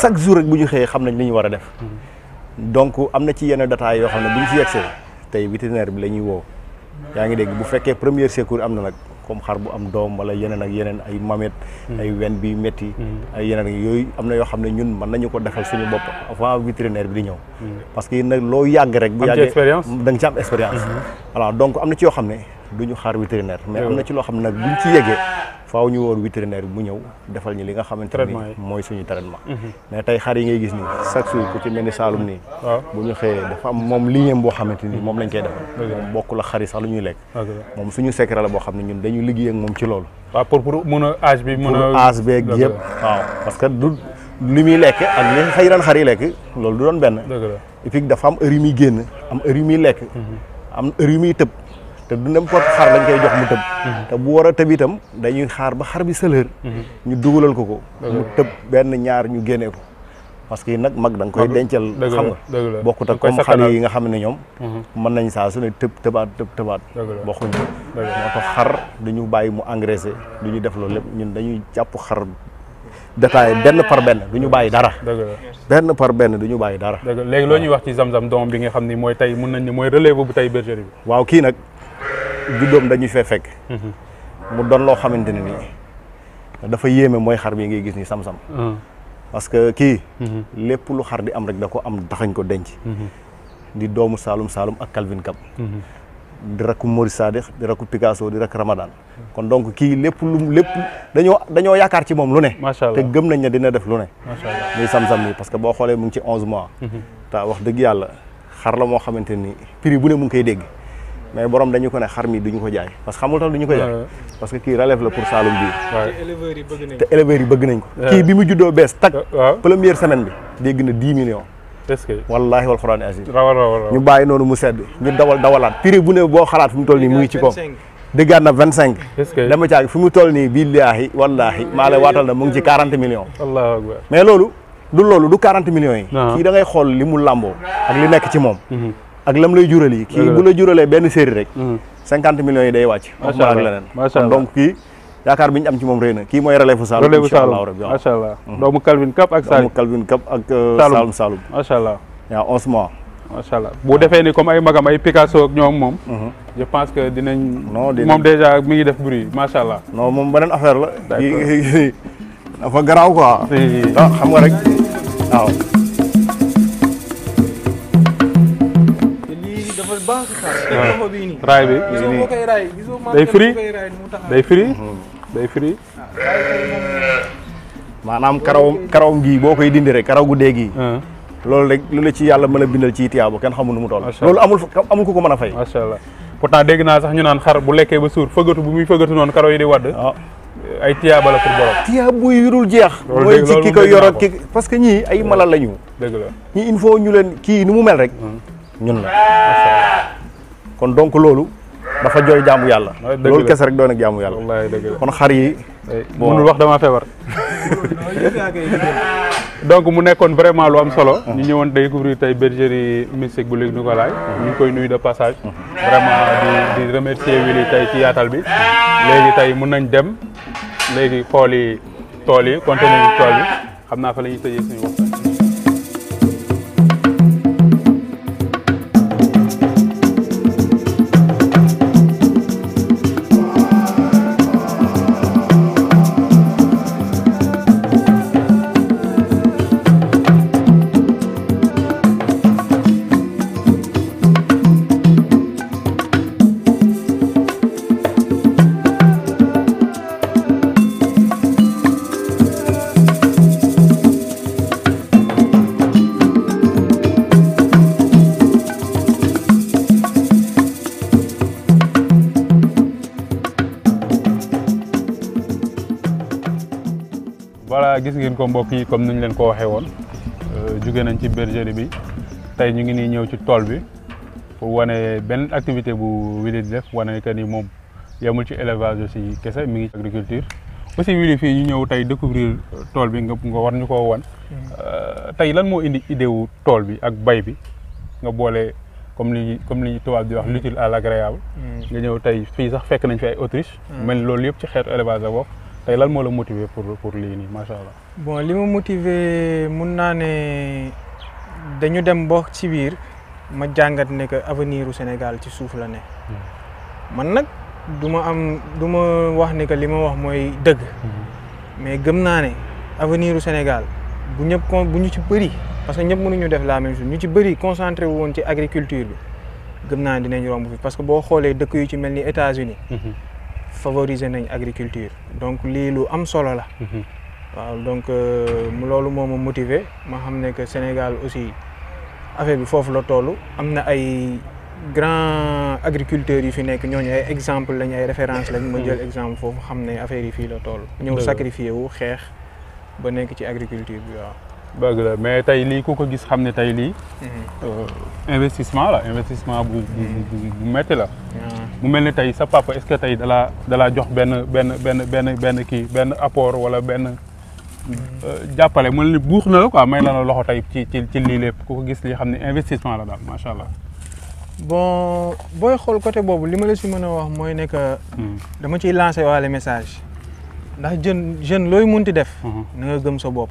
chaque jour rek bu ñu xëyee xam nañ li ñu war a def donc am na ci yenn détails yoo xam ne bu ñu ci yegsee tey vétérinaire bi la ñuy woo yaa ngi dégg bu fekkee premier secours am na nag comme xar bu am doom wala yeneen ak yeneen ay mamet hmm. ay wen bi métti hmm. ay yeneen yooyu am na yoo xam ne ñun mën nañu ko defal suñu bopp avant vétérinaire bi di ñëw hmm. parce que nag loo yàgg rek bu yàggee da nga ci am expérience voilà donc am na ci yoo xam ne du ñu xaar vétérinaire mais am na ci loo xam ne nag ñu ci yegee faaw ñu woon vétérinaire bi mu ñëw defal ñu li nga xamante ni mooy suñu traitement mhm. mais tey xar yi ngay gis nii chaque jour ku ci mel ni Saalum nii bu ñu xëyee dafa am moom liggéeyam boo xamante ni moom lañ koy defal moom la xar yi sax lu ñuy lekk moom suñu secret la boo xam ne ñun dañu liggéey moom ci loolu waaw pour pour mën a âge yëpp waaw que li muy lekk ak xëy ran xar yi lekk loolu du benn et dafa am heure yi muy génn am heure yu muy lekk mhm. am heure yu muy tëb te du n'importe xar lañ koy jox mu tëb mhm. te bu war a tëb itam dañuy xaar ba xar bi sëlër mhm. ñu dugalal ko ko mu tëb benn ñaar ñu génnee ko parce que nag mag da nga koy dencal xam nga bokkut ak comme xale yi nga xam ne ñoom mhm. mën nañ saa su ne tëb tëbaat tëb tëbaat bokkuñ moo tax xar ñu bàyyi mu engraissé du ñu def loolu lépp ñun dañuy jàpp xar détaillé benn par benn du ñu bàyyi dara. benn par benn du ñu bàyyi dara. dëgg léegi loo ñuy wax ci zam bi nga xam ni mooy tey mun nañ ni mooy relève bu tey bergerie bi. juddoom dañuy fee fekk. Mhm. mu doon loo xamante ne nii dafa yéeme mooy xar bi ngay gis ni sam-sam. Mhm. parce mhm. lu xar di am rek da ko am daxañ ko denc. di doomu Saalum Saalum ak Calvin Cap. di rakku Maurice Sadikh lu lépp dañoo dañoo yaakaar ci moom lu ne. macha allah te gëm nañ ne dina def lu ne. macha allah muy sam-sam boo xoolee mu ci onze mois. te wax dëgg yàlla xar la moo xamante ni prix bu ne mu ngi dégg. mais borom dañu ko ne xar mi duñu ko jaay parce que xamul tax duñu ko jaay. parce que kii relève la pour Saloum bii. te éleveurs bëgg nañ kii bi mu juddoo bees tag. première semaine bi dégg na 10 millions. est wal xuraan azim ñu bàyyi noonu mu sedd ñu dawal dawalaat prix bu ne boo xalaat fi mu toll nii mu ngi ci koom. dëggaat na vingt cinq dama caag fi mu toll nii billaahi wallaahi maa lay waatal na mu ci quarante mais loolu du loolu du quarante yi kii da ngay xool li mu làmboo ak li nekk ci moom mhm. ak lam lay jural yi kii bu juralee benn série rek hmm. cinquante millions yi day wàcc waxuma ak leneen kon donc kii yaakaar bi ñu am ci moom rëy na kii mooy relais fu Saloum relais fu Saloum rabbi macha allah hmm. doomu Calvin Cap ak doomu Calvin Cap ak euh, macha allah yaa onze mois bu defee ni comme ay magam ay Picasso ak ñoom moom hmm. je pense que dinañ non moom déjà mi def bruit macha allah no moom beneen affaire la dafa ko quoi ah, xam nga rek waaw bu ah. raay bi gisoo ko koy raay gisoo ma day firi day firi hmm. ah, maanaam karaw karaw gii boo koy dindi rek karaw gu dee gii ah. loolu rek lu la ci yàlla mën a bindal ci tiyaabo kenn xamul nu mu toll loolu amul amul ku ko mën a fay pourtant dégg naa sax ñu naan xar bu lekkee ba suur fëggatu bu muy fëggatu noonu karaw yi di wadd ay tiyaaba la pour yu dul jeex mooy ci ki ko yor parce que ñii ay malal la ñu dëgg la ñii il ñu leen kii nu mu mel rek hmm. ñun la kon donc loolu dafa jooy jaamu yàlla loolu kese rek doon na jaamu yàlla kon xar yi eh, mënul wax damaa feebar donc mu nekkoon vraiment lu am solo ñu ñëwoon découvrir tey bergerie mystique bu Luc Nicolaï ñu ngi koy nuyu de passage vraiment di di remercier tey ci yaatal bi léegi tey mun nañ dem léegi xooli tool yi continuer yi xam naa fa la ñuy tëjee suñu gis ngeen ko mbokk yi comme ni leen ko waxee woon euh, jóge nañ ci bergerie bi tey ñu ngi nii ñëw ci tool bi pour wane benn activité bu Willy di def wane que ni moom yemul ci élevage aussi kese mi ngi ci agriculture. aussi fii ñu ñëw tey découvrir tool bi nga nga war ñu koo wan euh, tey lan moo indi idée tool bi ak bay bi nga boole comme li comme li tubaab di wax l'utile à l'agréable. Mm. nga ñëw tey fii sax fekk nañ fi ay autriche mm. mel loolu yëpp ci xeetu élevage la bokk. tey lan moo la motiver pour pour lii nii macha allah. bon li ma motiver mun naa ne dañu dem ba ci biir ma jàngat ne que avenir u Sénégal ci suuf la ne. Hmm. man nag du ma am du ma wax ne que li ma wax mooy dëgg. Hmm. mais gëm naa ne avenir u Sénégal bu ñëpp kon bu ñu ci bëri parce que ñëpp mënuñu def la même chose ñu ci bëri concentré wu woon ci agriculture bi gëm naa ne dinañ romb fi parce que boo xoolee dëkk yu ci mel ni États-Unis hmm. favoriser l'agriculture. donc c'est ce am solo la. Mhm. donc euh, loolu moo ma motivé, ma xam que Sénégal aussi avec bi foofu la il y a ay grands agriculteurs qui fi des exemples, des références. lañ ay référence lañ. ma mhm. jël exemple foofu xam ne affaire yi fii la agriculture bëgg mais tey lii ku ko gis xam ne tey lii. Mhm. Euh, investissement la investissement bu bu bu la. Mhm. mu mel ni tey sa papa est-ce que tey dalaa dalaa jox benn benn benn benn benn kii benn apport walla benn euh, mhm. jàppale mu ne ni buux na la quoi may na loxo tey ci ci ci lii lépp ku ko gis lii xam ne investissement la daal macha allah. bon booy xool côté boobu li ma la si mën a wax mooy ne que. Hmm. dama ciy lancer waale message. ndax jeune jeune looy munti def. Hmm. na nga gëm sa bopp.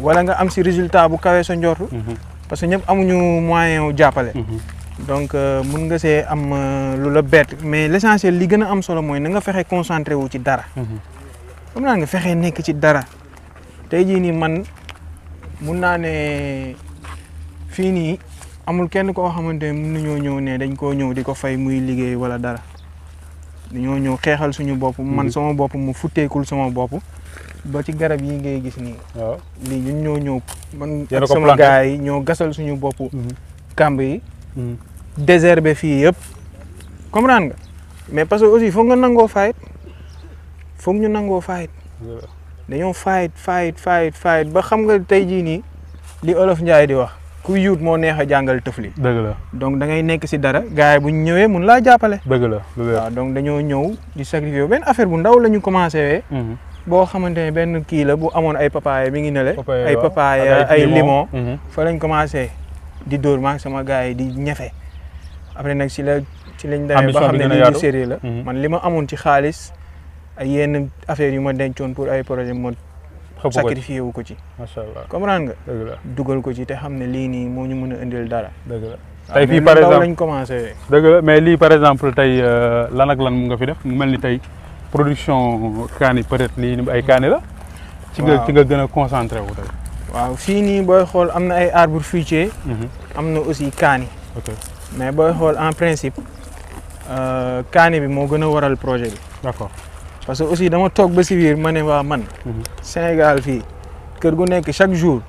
wala nga am ci résultat bu kawee sa njortu mhm. parce que ñëpp amuñu moyen wu jàppale mhm. donc euh, mën nga sé am euh, lu la bête mais l'essentiel li gëna am solo moy na nga fexé concentré wu ci dara xam mhm. naa nga fexé nek ci dara tay jii man mën na ne fini, amul kenn ko xamante ne mën nañoo ñëw né dañ ko ñëw di ko fay muy liggéey wala dara dañoo ñëw xéxal suñu bop man sama bop mu kul sama bop ba ci garab yi ngay gis ni waaw li ñun ñoo ñëw man ak sama gaay yi ñoo gasal suñu bopp mhm. kamb yi mhm. désherbe fii yëpp comprendre nga mais parce que aussi foog nga nangoo fayit foog ñu nangoo fayit dañoo fayit ba xam nga li olof njaay di wax ku yuut moo neex a jàngal tëfli la donc da ngay nekk si dara bu mun laja pala, dëgg la waaw donc dañoo ñëw di sacrifier ben affaire bu ndaw la ñu commencé bo xamante ne benn kii la bu amone ay papaye mi ngi nele ay papaye ay limon mhm. fa lañ commencé di dóor ma sama gaay di ñafé après nak ci la ci lañ demee ba xamné ni mhm. li ñu la man lima amone ci xaalis ay yenn affaire yu ma dencion pour ay projet mo sacrifié wu ko ci macha allah comprendre nga duggal ko ci té xamné li ni mo ñu mëna a dara dëgg la tey fii par exemple lañ commencé deug la mais li par exemple tay euh, lan ak lan mu nga fi def mu melni tay production kaani peut-être lii ay kaani la. ci nga nga gën a concentré wu tey. waaw fii nii booy xool am na ay arbres fruitiers. Mhm. am na aussi kaani. mais booy xool en principe euh, kaani bi moo gën a waral projet bi. parce que aussi dama toog ba si biir ma ne waa man. Mhm. Sénégal fii kër gu nekk chaque jour.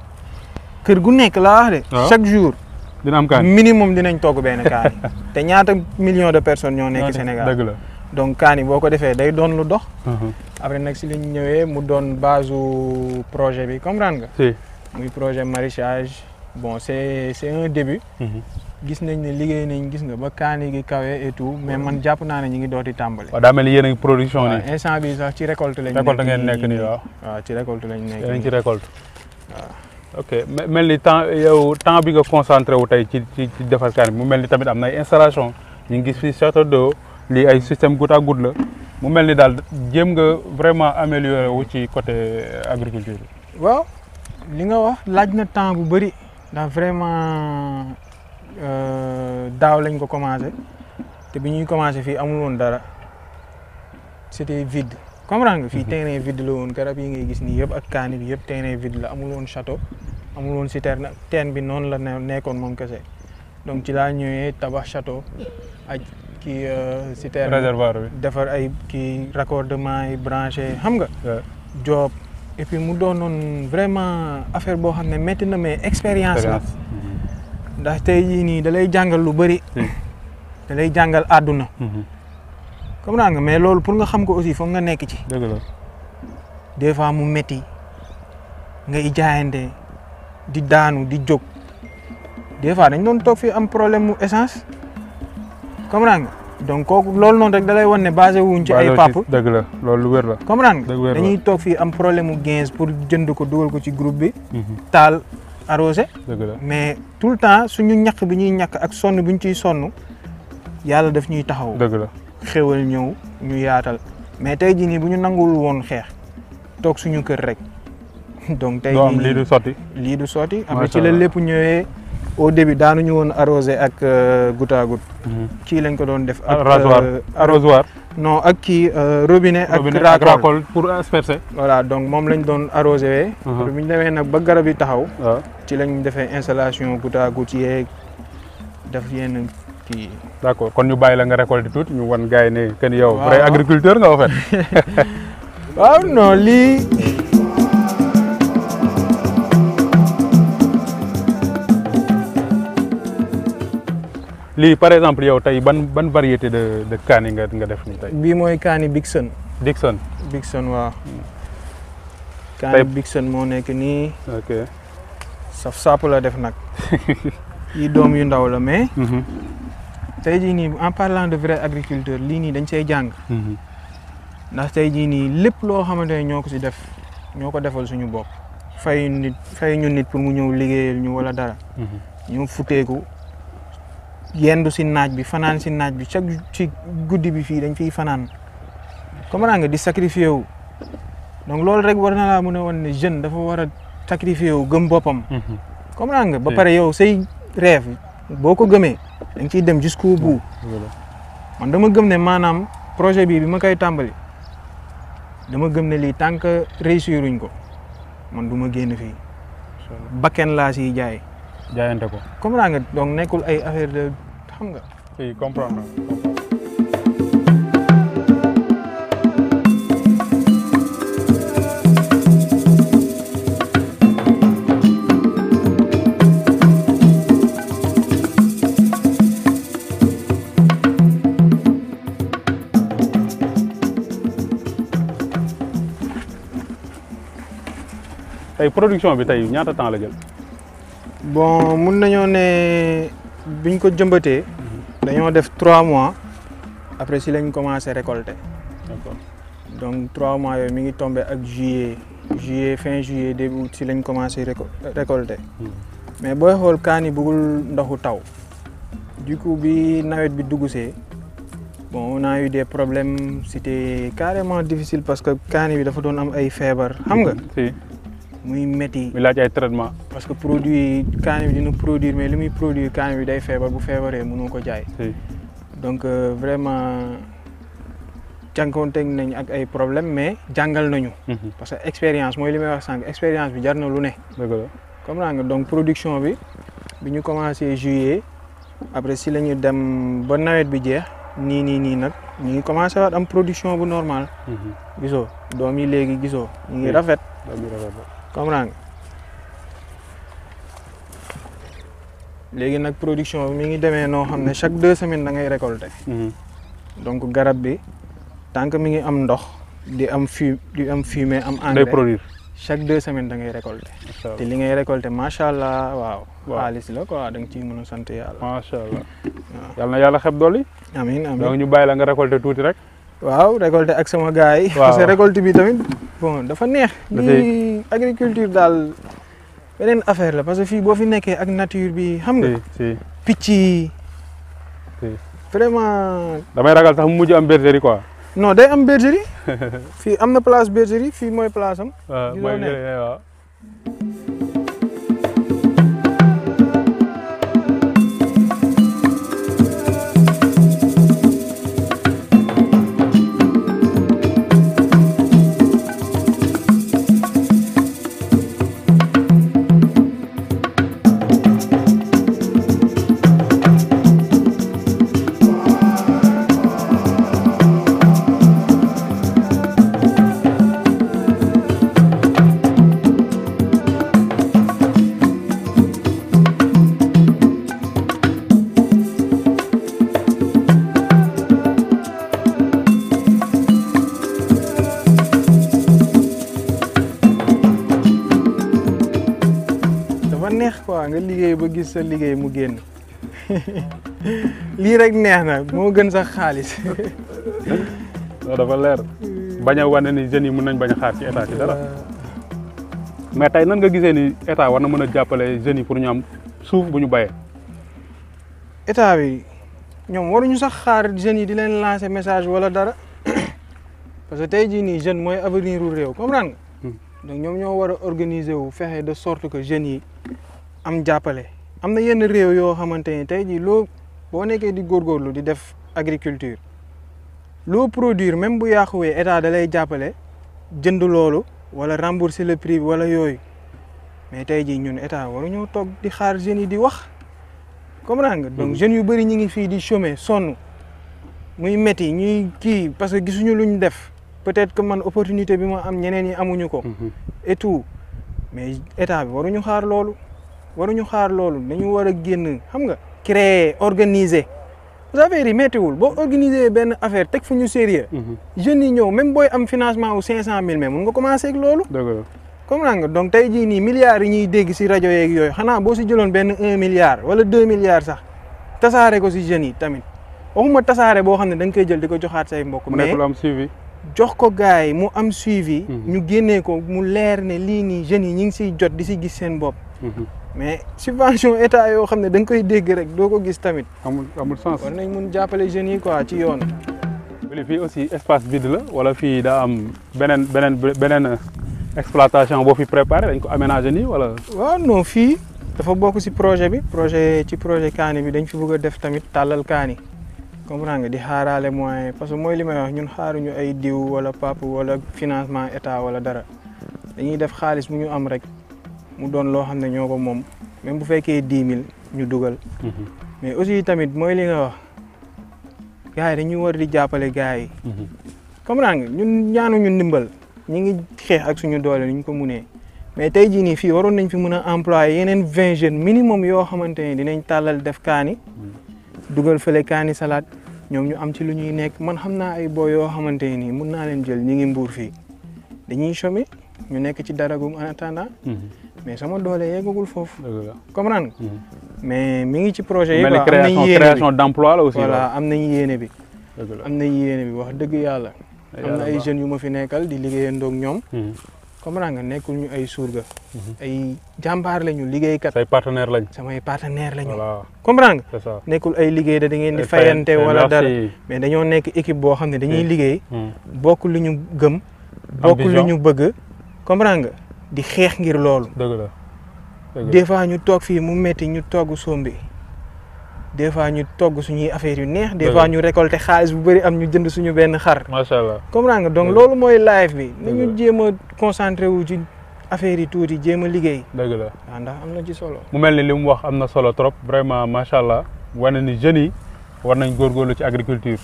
kër gu nekk laa wax de. chaque jour. dina am kaani minimum dinañ toog benn kaani. te ñaata million de personnes ñoo nekk Sénégal dëgg la. donc kaan yi boo ko day don lu dox. Mhm. après nag ci li ñëwé mu doon base projet bi comprendre nga. si muy projet maraîchage bon c'est c'est un début. Mhm. gis nañ ne liggéey nañ gis nga ba kaani gi kawee et tout mais man jàpp naa ne ñu ngi dooti tàmbali. waaw daa mel ni yéen a ngi production ni instant bi sax ci récolte lañ. récolte ngeen nekk nii waaw. waaw ci récolte lañ nekk nii ci récolte. waaw ok mel ni temps yow temps bi nga concentré wu tey ci ci ci defar kaani mu mel ni tamit am na installation ñu ngi gis fii château d'eau li ay système goutte à goutte la mu melni dal jëm nga vraiment améliorer wu ci côté euh, agriculture waaw li nga wax laaj na temps bu bari da vraiment euh, daw lañ ko commencer té biñuy commencer fi amul won dara c'était vide comprendre nga. fii mhm. terrain vide la woon garab yi ngay gis ni yeb ak kanib yeb terrain vide la amul won château amul won citerne teen bi non la nekkoon mom kese donc ci la ñëwé tabax château aj ci euh, si terre réservoir bi defar ay kii raccordement yi branché xam nga. job et puis mu noon vraiment affaire boo xam ne métti na mais expérience la. Mm-hmm. ndax tey jii nii dalay jàngal lu bëri. da lay jàngal àdduna. Mm-hmm. comprends nga mais loolu pour nga xam ko aussi foog nga nekk ci. dëgg des fois mu métti ngay jaayante di daanu di jóg des dañ doon toog fii am problème essence. comme nga donc kooku loolu noonu rek da lay wan ne basé wuñ ci ay pap dëgg la loolu lu wér la comprendre nga dañuy toog fii am problème mu gains pour jënd ko dugal ko ci groupe bi mhm. taal arrosé dëgg mais tout le temps suñu ñàkk bi ñuy ñàkk ak sonn bu ñu ciy sonn yàlla daf ñuy taxaw dëgg la xéwal ñëw ñu yaatal mais tey ji nii bu ñu nangul woon xeex toog suñu kër rek donc tey jii lii du sotti lii du sotti après ci la lépp ñëwee au début ñu woon arrosé ak euh, goutte à goutte. Mhm. kii lañ ko doon def. ak euh, arrosoir no ak kii euh, robinet. ak racole pour asperger. voilà donc moom lañ doon arrosé wee. Mhm. bu ñu demee nag ba garab yi taxaw. ci lañ defee installation goutte à goutte yeeg def yenn kii. d' accord kon ñu bàyyi la nga récolté tuuti ñu wan gars yi ne kenn yow. vrai agriculteur nga waaw non lii. li, par exemple yow tay ban ban variété de de kaani nga nga def ni tay bi moy kaani Bigson. Bigson. Bigson wa hmm. kaani Bigson mo nek ni ok saf sap la def nak yi dom yu ndaw la mais. Mhm. tay ji ni en parlant de vrai agriculteur li ni dañ jang hmm ndax tay ji ni lepp lo xamantene ñoko ci def ñoko defal suñu bop fay nit fay ñun nit pour mu ñew liggéeyal ñu wala dara. Mhm. ñu futeeku. yendu si naaj bi fanaan si naaj bi chaque ci guddi bi fii dañ fiy fanaan comprendre nga di sacrifié wu donc loolu rek war na laa mën a wan ne jeune dafa war a sacrifié wu gëm boppam. Mhm. comprendre nga ba pare yow say rêve boo ko gëmee dañ ciy dem jusqu'au bout. man dama gëm ne maanaam projet bii bi ma koy tàmbali dama gëm ne lii tant que réussiruñ ko man du ma génn fii. bakken laa siy jaay. jaayante ko. comprendre nekkul ay affaire de. paham nggak? Iya, kompromi. tey production bi tay ñaata temps la jël. bon mën nañu né biñ ko jëmbatee. dañoo def 3 mois après si lañ commencé récolter. d'accord donc 3 mois yo mi ngi tombé ak juillet juillet fin juillet début août si lañ commencé récolter. mais boy xool kani bugul ndoxu taw. du coup bi nawet bi dugusé bon on a eu des problèmes c'était carrément difficile parce que kani bi dafa doon am ay fièvre xam nga. muy métti. muy laaj ay traitement. parce que produit yi kaani bi dina produire mais li muy produire kaani bi day feebar bu feebaree mënoo ko jaay. donc euh, vraiment jànkoonteeg nañ ak ay problème mais jàngal nañu. Mhm. parce que expérience mooy li may wax sànq expérience bi jar na lu ne. dëgg naa nga donc production bi bi ñu commencé juillet après si la ñu dem ba nawet bi jeex nii nii nii nag ñu ngi commencé am production bu normal. Mhm. gisoo doom yi léegi gisoo. ñu ngi rafet. Kom rang. léegi nag production bi mi ngi démé no xamné chaque deux semaines da ngay récolter. hmm donc garab bi tant que mi ngi am ndox di am fu di am fumier am. engrais day produire chaque deux semaines da ngay récolter. te li ngay récolter macha allah waaw. xaliss la quoi da nga ci mën a yalla yàlla. macha allah yal na yalla xeb doli amin amin donc ñu bàyyi la nga récolter touti rek. waaw récolté ak sama gars yi. parce que récolte bi tamit bon dafa neex. lii agriculture daal beneen affaire la parce que fii boo fi nekkee ak nature bi xam nga. picc yi. vraiment. damay ragal sax mu mujj am bergerie quoi. non day am bergerie fii am na place bergerie fii mooy place am. waaw mooy sa liggéey mu génn li rek neex na moo gën sax xaalis. loolu dafa leer bañ a wane ni jeunes yi mën nañ bañ a xaar ci état ci dara mais tey nan nga gisee ni état war na mën a jàppale jeunes yi pour ñu am suuf bu ñu bayee. état bi ñoom waruñu sax xaar jeunes yi di leen lancer message wala dara parce que tey jii nii jeune mooy avenir u réew comprendre nga. Hmm. donc ñoom ñoo war a organiser wu fexe de sorte que jeunes yi am jàppale. am na yenn réew yoo xamante ni tey jii loo boo nekkee di góorgóorlu di def agriculture loo produire même bu yàquwee état da lay jàppale jënd loolu wala rembourser le prix bi wala yooyu mais tey jii ñun état ñu toog di xaar jeunes yi di wax comprendre nga. don mm-hmm. jeunes yu bëri ñu ngi fii di chômer sonn muy métti ñuy kii parce que gisuñu ñu def peut-être que man opportunité bi ma am ñeneen ñi amuñu ko. Mm-hmm. et tout mais état bi ñu xaar loolu. waruñu xaar loolu dañu war a génn xam nga créer organiser affaire yi méttiwul boo organiser benn affaire teg fu ñu sérieux mhm. jeunes yi ñëw même booy am financement wu cinq cent mille mais mun nga commencé ak loolu comme naa nga donc tey jii nii milliards yi ñuy dégg si rajo yeeg yooyu xanaa boo si jëloon benn un milliard wala deux milliards sax tasaare ko si jeunes yi tamit waxuma tasaare boo xam ne da nga koy jël di ko joxaat say mbokk mais am suivi jox ko gars yi mu am suivi mhm. ñu génnee ko mu leer ne lii nii jeunes yi ñu ngi siy jot di si gis seen bopp mhm. mais subvention état yoo xam ne da koy dégg rek doo ko gis tamit. amul amul sens war nañ mun jàppale jeunes yi quoi ci yoon. fii aussi espace vide la wala fii daa am beneen beneen beneen exploitation boo fi préparé dañ ko aménagé nii wala. waaw non fii dafa bokk si projet bi projet ci projet kaani bi dañ fi bëgg a def tamit tàllal kaani comprendre nga di xaaraale moyen parce que mooy li may ñun xaaruñu ay diw wala pap wala financement état wala dara dañuy def xaalis bu ñu am rek. mu doon loo xam ne ñoo ko moom même bu fekkee dix mille ñu dugal. Mhm. mais aussi tamit mooy li nga wax gars yi dañuy war di jàppale gars yi. Mhm. comprends nga ñun ñaanuñu ndimbal ñu ngi xeex ak suñu doole ni ñu ko munee mais tey jii nii fii waroon nañ fi mën a employé yeneen vingt jeunes minimum yoo xamante ne dinañ tàllal def kaani mhm. dugal fële kaani salade ñoom ñu am ci lu ñuy nekk man xam naa ay boo yoo xamante ne nii mun naa leen jël ñu ngi mbuur fii dañuy chômer ñu nekk ci daragum en attendant. mais sama doole yeggagul foofu. comprendre nga. Hmm. mais mi ngi ci projet yi. quoi am nañu yéene bi création d'emploi la am nañu yéene bi. am nañu yéene bi wax dëgg yàlla. am na ay jeunes yu ma fi nekkal di liggéeyandoo ak ñoom. Hmm. comprendre nga nekkul ay surga. Hmm. ay jàmbaar lañu liggéeykat. say partenaire lañ. samay partenaire lañu. comprendre nga. nekkul ay liggéey da ngeen di fayante wala dara. mais dañoo nekk équipe boo xam ne dañuy liggéey. bokk lu ñu gëm. bokk lu ñu bëgg comprendre nga. di xeex ngir loolu. dëgg la des fois ñu toog fii mu métti ñu togg sombi des fois ñu togg suñuy affaire yu neex. des fois ñu récolter xaalis bu bëri am ñu jënd suñu benn xar. macha allah comprends nga donc loolu mooy live bi. nañu jéem a concentré wu ci affaire yi tuuti jéem a liggéey. dëgg la waaw ah, am na ci solo. mu mel ni li mu wax am na solo trop vraiment macha allah wane ni jeunes yi war nañ góorlu ci agriculture.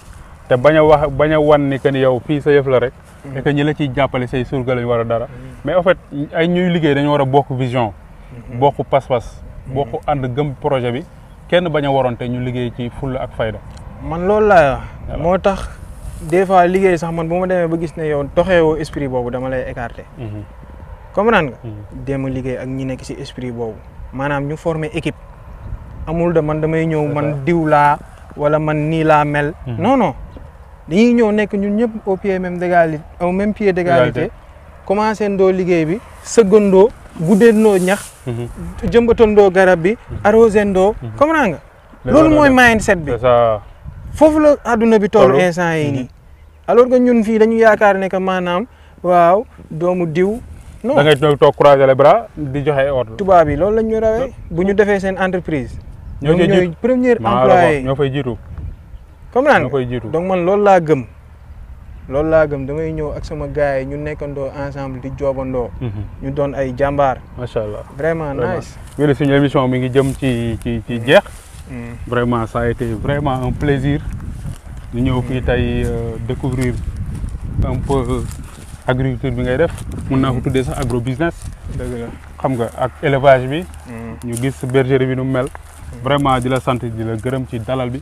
té baña wax baña wan ni kan yow fi sa yef la rek mm. et que ñi la ci jappalé say surga lañ wara dara mais en fait ay ñuy liggéey dañu wara bokk vision mm-hmm. bokk pass pass mm-hmm. bokk and gëm projet bi kenn baña a waronte ñu liggéey ci full ak fayda man lool la motax des fois liggéey sax man buma démé ba gis né yow toxeewoo esprit bobu dama lay écarté mm-hmm. comprendre nga dem liggéey ak ñi nekk ci esprit bobu manam ñu former équipe amul de man damay ñew man diw la wala man ni la mel non non dañuy ñëw nekk ñun ñëpp au pied même d'égalité au même pied d'égalité commencé ndoo liggéey bi sëggandoo guddeendoo ñax mhm. jëmbatandoo garab bi mhm. arrosé ndoo mhm. comprends nga loolu mooy mindset bi foofu la adduna bi toll instant yi nii alors que ñun fii dañu yaakaar ne que maanaam waaw doomu diw non da ngay toog croiser les di joxe ordre tubaab yi loolu lañ rawee bu ñu defee seen entreprise ñoo ñooy premier employé ñoo fay jiitu comme naan koy jiitu man loolu laa gëm loolu laa gëm damay ñëw ak sama gars yi ñu nekkandoo ensemble di joobandoo mhm. ñu doon ay jàmbaar macha allah vraiment nice wéri suñu émission mi ngi jëm ci ci ci jeex mm. vraiment ça a été vraiment un plaisir ñu ñëw fii mm. tey euh, découvrir un peu agriculture bi ngay def mun naa ko mm. tuddee sax agro business dëgg la xam nga ak élevage bi ñu gis bergerie bi nu mel vraiment di la sant di la gërëm ci dalal bi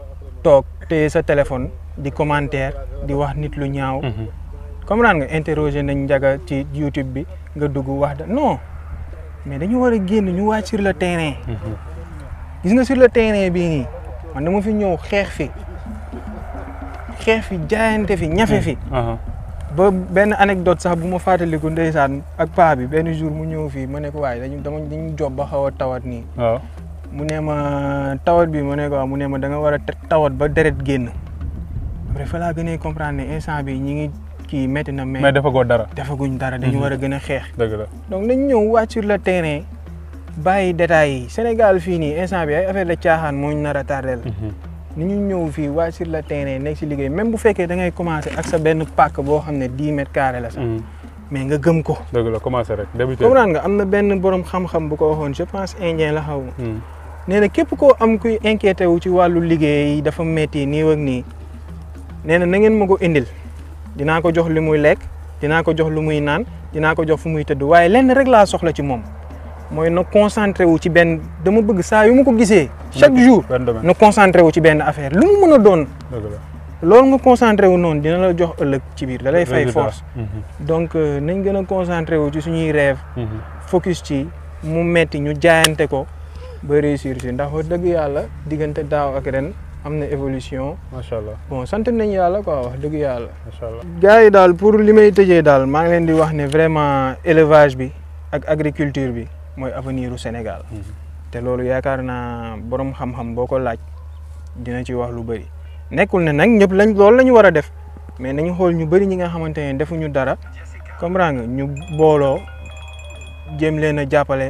toog te sa téléphone di commentaire di wax nit lu ñaaw. Mhm. comprendre nga interroger nañ njaga ci YouTube bi nga dugg wax da non mais dañu war a génn ñu wàcc sur le terrain. Mhm. gis nga sur le terrain bii nii man dama fi ñëw xeex fi xeex fi jaayante fi ñafe fi. Mhm. ba benn anecdote sax bu ma fàttaliku ndeysaan ak paa bi benn jour mu ñëw fii ma ne ko waaye dañu dama dañu job ba xaw a tawat nii. mu ne ma tawat bi mu ne ko mu ne ma da nga war a tawat ba deret génn après fa laa gën a comprendre ne instant bi ñi ngi kii métti na. mais defagoo dara defaguñ dara dañu mhm. war a gën a xeex. dëgg la donc nañ ñëw wàcc sur le terrain bàyyi détails yi Sénégal fii nii instant bi ay affaire la caaxaan moo nar a tardel mhm. ni ñu ñëw fii wàcc la le terrain nekk si liggéey même bu fekkee da ngay commencé ak sa benn pàkk boo xam ne dix mètres carrés la sax. Mhm. mais nga gëm ko. dëgg la commencé rek débuté. comprendre nga am na benn borom xam-xam bu ko waxoon je pense indien la xaw nee na képp koo am kuy inquiété wu ci wàllu liggéey dafa metti nii ak nii nee na na ngeen ma ko indil dinaa ko jox li muy lekk dinaa ko jox lu muy naan dinaa ko jox fu muy tëdd waaye lenn rek laa soxla ci moom mooy nu concentré wu ci benn dama bëgg saa yu ma ko gisee. chaque jour na concentré wu ci benn affaire lu mu mën a doon. loolu nga concentré wu noonu dina la jox ëllëg ci biir da lay fay force. Mhm. donc euh, nañ gën a concentré wu ci suñuy rêve. Mhm. focus ci mu metti ñu jaayante ko. ba réussir si ndax wax dëgg yàlla diggante daaw ak ren am na évolution. macha allah bon sant nañ yàlla quoi wax dëgg yàlla. macha allah yi daal pour li may tëjee daal maa ngi leen di wax ne vraiment élevage bi ak agriculture bi mooy avenir u Sénégal. Mhm. te loolu yaakaar naa borom xam-xam boo ko laaj dina ci wax lu bëri nekkul ne nag ñëpp lañ loolu la ñu war a def mais nañu xool ñu bëri ñi nga xamante ne defuñu dara comprendre nga ñu booloo jéem leen a jàppale.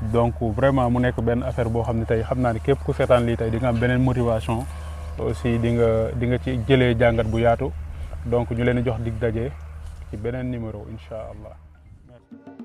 donc vraiment mu nekk benn affaire boo xam ne tey xam naa ne képp ku seetaan lii tey dinga nga am beneen motivation aussi di nga di nga ci jëlee jàngat bu yaatu donc ñu leen di jox dig daje ci beneen numéro incha allah.